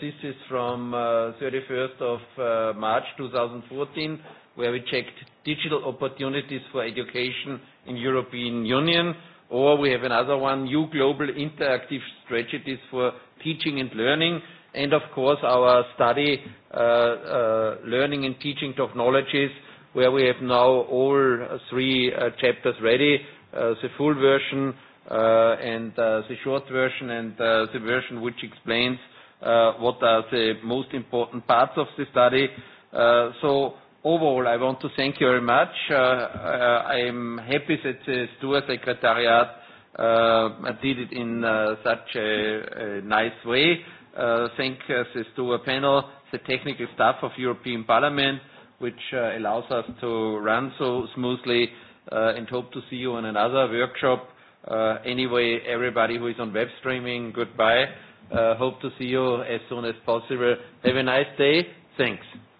This is from 31st of March 2014, where we checked digital opportunities for education in European Union. Or we have another one, new global interactive strategies for teaching and learning and of course our study learning and teaching technologies where we have now all three chapters ready, the full version and the short version and the version which explains what are the most important parts of the study. So overall I want to thank you very much. I am happy that the Stuart Secretariat did it in such a nice way thank this to a panel, the technical staff of European Parliament, which allows us to run so smoothly and hope to see you on another workshop. Anyway, everybody who is on web streaming, goodbye. Hope to see you as soon as possible. Have a nice day. Thanks.